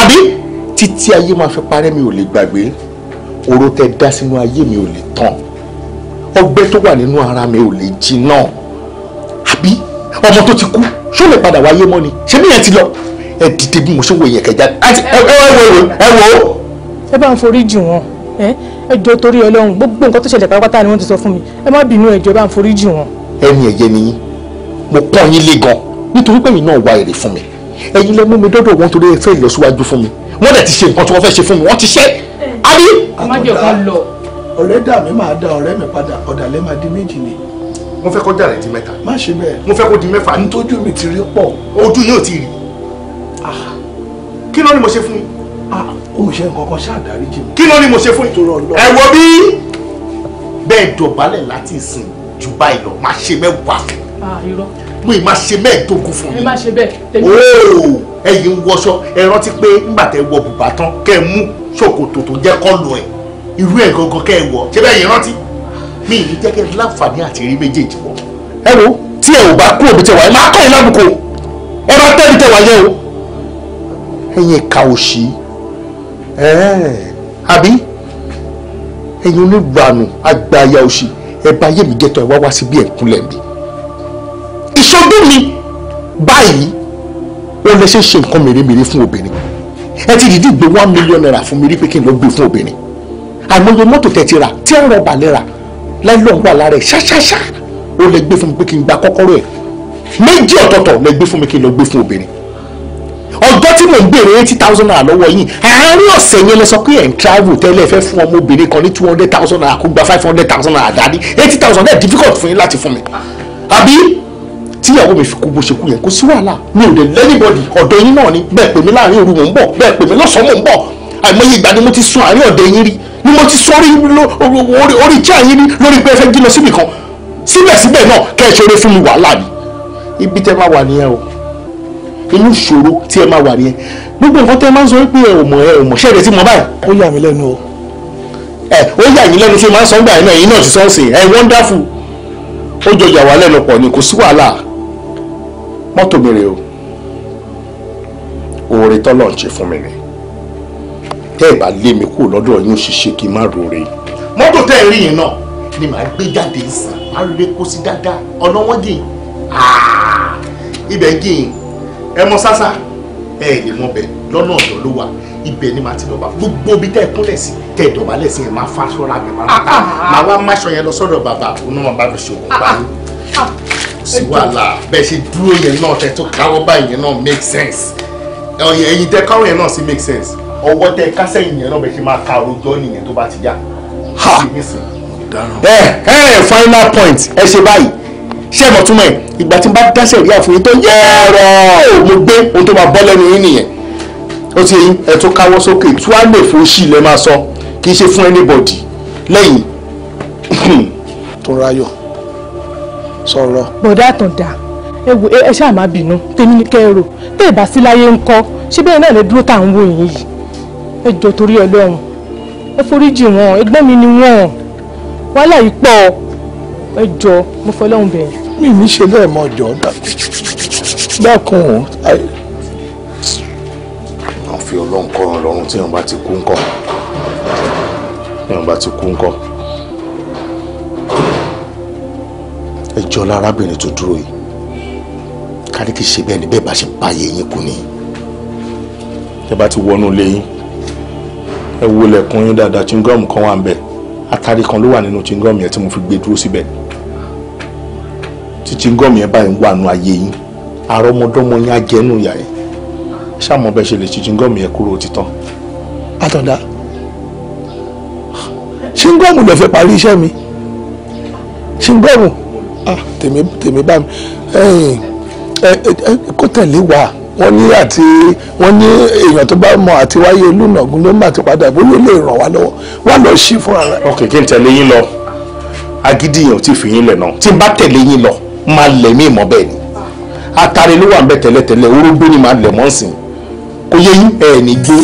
àbí títí ayé máa fi parẹ́ mi ò lè gbàgbé ọ̀rọ̀ tẹ dá sínú ayé mi ò lè tán ọgbẹ́ tó wà nínú ara mi ò lè jiná àbí ọmọ tó ti kú ṣó lè padà wáyé mọ́ ni ṣé mi yẹn ti lọ ẹ dìde bí mo ṣe wò yẹn kẹjá ẹ wò ẹ wò ó. ẹ bá ń forí jì wọ́n ẹ jọ̀ọ́ torí Ọlọ́run gbogbo nǹkan tó ṣẹlẹ̀ pátápátá ni wọ́n ti sọ fún mi ẹ má bínú ẹ jọ̀ọ́ ẹ bá ń forí jì wọ́n. ẹni ẹyẹ ni yín mo pọ́n yín lé gan nítorí pé yín náà wá èrè fún mi ẹ̀yin lẹ mú mi dọ́dọ̀ wọn torí ẹ fẹ́ ìlọsíwájú fún mi wọ́n dẹ̀ ti ṣe nǹkan tí wọ́n fẹ́ ṣe fún mi wọ́n ti ṣe. àbí. ẹ má jẹ́ lọ ọ̀rẹ́ dà mí máa da ọ̀rẹ́ mi padà ọ̀dàlẹ̀ máa di méjì ni. mo fẹ́ kó dàrẹ́ di mẹ́ta. má ṣe bẹ́ẹ̀. mo fẹ́ kó di mẹ́fà. n tójú mi ti rí pọ̀. ojú yóò ti rí. Ah. kí ló ni mo ṣe fún yín. o ah, ṣe nǹkan kan ṣáà dáríjì mi. kí ló ni mo ṣe fún yín. ẹ wo bí bẹ́ẹ̀ dọ̀bálẹ̀ láti sìn ju báyìí lọ máa ṣe mẹ́wàá fún ah, mi máa ṣe mẹ́ẹ̀ẹ́dógún fún mi. mi máa ṣe bẹ́ẹ̀. ooo ẹ̀yin wọṣọ ẹ rántí pé ńgbà tẹ́ wọ bùbá tán kẹ́ ẹ mú ṣòkòtò tó jẹ́ kọ́ọ̀lù ẹ̀ irú ẹ̀ gangan kẹ́ ẹ wọ̀ ṣé bẹ́ẹ̀ yẹn rántí mi ì ní jẹ́ láǹfààní àti rí méjèèjì wọ̀. ẹ wo tí ẹ ò bá kú òbí tẹwàá ẹ máa kọ́ yín lábùkù ẹ máa tẹ́lẹ̀ tẹwàá yẹ o. ẹ̀yin ẹ̀ka òṣì àbí ẹ̀yin oníranù àgbáyà òṣì ẹ bá yé mi gẹ́tọ̀ ẹ wá wá sí bí ẹ̀kúnlẹ̀ mi. ìṣojú mi báyìí ó lè ṣe ṣe nǹkan mèremère fún obìnrin ẹ ti dìde gbé one million naira fún mi rí pé kí n lọ gbé fún obìnrin àìmọye mọ́tò tẹ̀tì rà tí ẹ̀rọ balẹ̀ rà láì lọ́n wà lára ẹ̀ ṣáṣáṣá ó lè gbé fún mi pé kí n gba kọ́kọ́rọ́ ẹ̀ méjì ọ̀tọ̀ọ̀tọ̀ lè gbé fún mi kí n lọ gbé fún obìnrin ọjọ́ tí mo ń béèrè eighty thousand naira lọ́wọ́ yìí àárín ọ̀sẹ̀ yẹn lọ sọ pé ẹ̀ ń travel tẹ́lẹ̀ fẹ́ fún ọmọbìnrin kan ní two hundred thousand naira kó gba five hundred thousand naira dání eighty thousand naira difficult fún yín láti fún mi àbí tíyàwó mi fi kú bó ṣe kú yẹn kó sí wàhálà mi ò dé lẹ́nìbọ̀dì ọ̀dọ̀ yín náà ni bẹ́ẹ̀ pè mí láàrin òru mò ń bọ̀ bẹ́ẹ̀ pè mí lọ́sàn-án mò ń bọ̀ àìmọye ìgbà ni mo ti sùn àárín ọ̀dọ̀ yín rí ni mo ti sọ ori ori àyín ní lórí pé ẹ fẹ́ jìnnà síbì kan síbẹ̀síbẹ̀ náà kẹ́ ẹ ṣe eré fún mi wàhálà ni ibi tẹ́ máa wà nìyẹn o inú ìṣòro tí ẹ máa wà nìyẹn gbogbo nǹkan tẹ́ máa ń sọ pé ẹ ò mọ̀ ẹ ò mọ̀ ṣẹ́ ẹ ti mọ̀ báyìí. ó yà mí lẹ́nu o. ẹ ó yà yín lẹ́nu ṣé máa ń sọ gbà yín náà yín náà ti sọ sí ẹ wonderful ó jọ yà wá lẹ́nu pọ̀ ni kò sí wàhálà mọ́tò mi rè o oore tọ́lọ̀ ń ṣe fún mi ni tẹ́ ẹ̀ bá lé mi kúrò lọ́dọ̀ yín ṣiṣẹ́ kí n má rore. mọ́tò tẹ́ ẹ rí yẹn náà ni màá gbé jáde sàn máa rere kó sí dáadáa ọ̀nà wọn jìn ibẹ̀ jìn ẹ mọ sásá ẹ lè mọ bẹ lọ́nà ọ̀dọ́ ló wà ibẹ̀ ni màá ti lọ́ba gbogbo ibi tẹ́ ẹ kúnlẹ̀ sí tẹ́ ẹ dọ̀bálẹ̀ sí ẹ máa fa aṣọ ra mi máa ta màá wá máṣọ yẹn lọ sọ́dọ̀ bàbá òun náà bá mi ṣòwò bá mi sí wàhálà bẹ́ẹ̀ ṣe dúró yẹn náà tẹ́ tó káwọ́ báyìí yẹn náà make sense ẹ̀yin tẹ́ káwọ́ yẹn náà sì make sense ọwọ́ tẹ kásẹ̀ yìnyẹn náà bẹ́ẹ̀ ṣe máa ka àròjọ nìyẹn tó bá ti yá. ha ẹ ẹ final point ẹ ṣe báyìí ṣé mọ̀ túmọ̀ ẹ̀ ìgbà tí n bá dáṣẹ̀ rí àfihàn tó yẹ ọ̀rọ̀ mo gbé ohun tó máa bọ́ lẹ́nu yín nìyẹn ó ti yín ẹ tó káwọ́ sókè tí wàá lè fún sí ilẹ̀ máa sọ kì í ṣe fún anybody lẹ́yìn tó ráyọ̀ sọ̀rọ̀. bọ̀dá àtọ̀dá ẹ wo ẹ ṣáà má bínú tèmi ni kẹ́ ẹ rò tẹ́ ẹ bá sí láyé ńkọ́ ṣé bẹ́ẹ̀ náà lè dúró tá à ń wò yín yìí ẹ jọ torí Ọlọ́run ẹ foríjì wọn ẹ̀gbọ́n mi ni wọn wàhálà yìí pọ̀ ẹ jọ mo fọlọ́run bẹ̀. mi ní ṣe bẹ́ẹ̀ mọ jọ dákun o. àwọn fi Ọlọ́run kọ́ran lọ́rùn tí wọ́n bá ti kú ńkọ́ tí wọ́n bá ti kú ńkọ́ ẹ jọ lárábìnrin tó dúró yìí kárí kìí ṣe bẹ́ẹ̀ ni bẹ́ẹ̀ bá ṣe báyé yín kú ni tẹ́ bá ti wọnú lé yín ẹ wo lẹ̀kùn yín dáadáa chingom kan wà ń bẹ̀ atari kan ló wà nínú chingom yẹn tí mo fi gbé dúró síbẹ̀ tí chingom yẹn báyìí wà nù ayé yín àrọ́mọdọ́mọ yín ajẹ́nu ìyá yẹn ṣàmọ́ bẹ́ẹ̀ ṣe lè ṣe chingom yẹn kúrò títàn àtọ̀dá chingom lè fẹ́ parí iṣẹ́ mi chingom ah tèmi tèmi bá mi ẹ ẹ ẹ kó tẹ̀lé wàá wọ́n ní àti wọ́n ní èèyàn tó bá mọ̀ àti wáyé olùnàgún ló má ti padà bó ló lè ràn wá lọ́wọ́ wá lọ ṣí fún ara. ok kí n tẹ̀lé yín lọ agídí yẹn ò tí fi yín lẹ̀ náà tí n bá tẹ̀lé yín lọ máa lẹ̀ mí ìmọ̀ bẹ́ẹ̀ ni atare ló wà ń bẹ tẹ́lẹ̀tẹ́lẹ̀ orógbó ni máa lẹ̀ mọ́ sìn kó yẹ yín ẹ̀ ní gbé.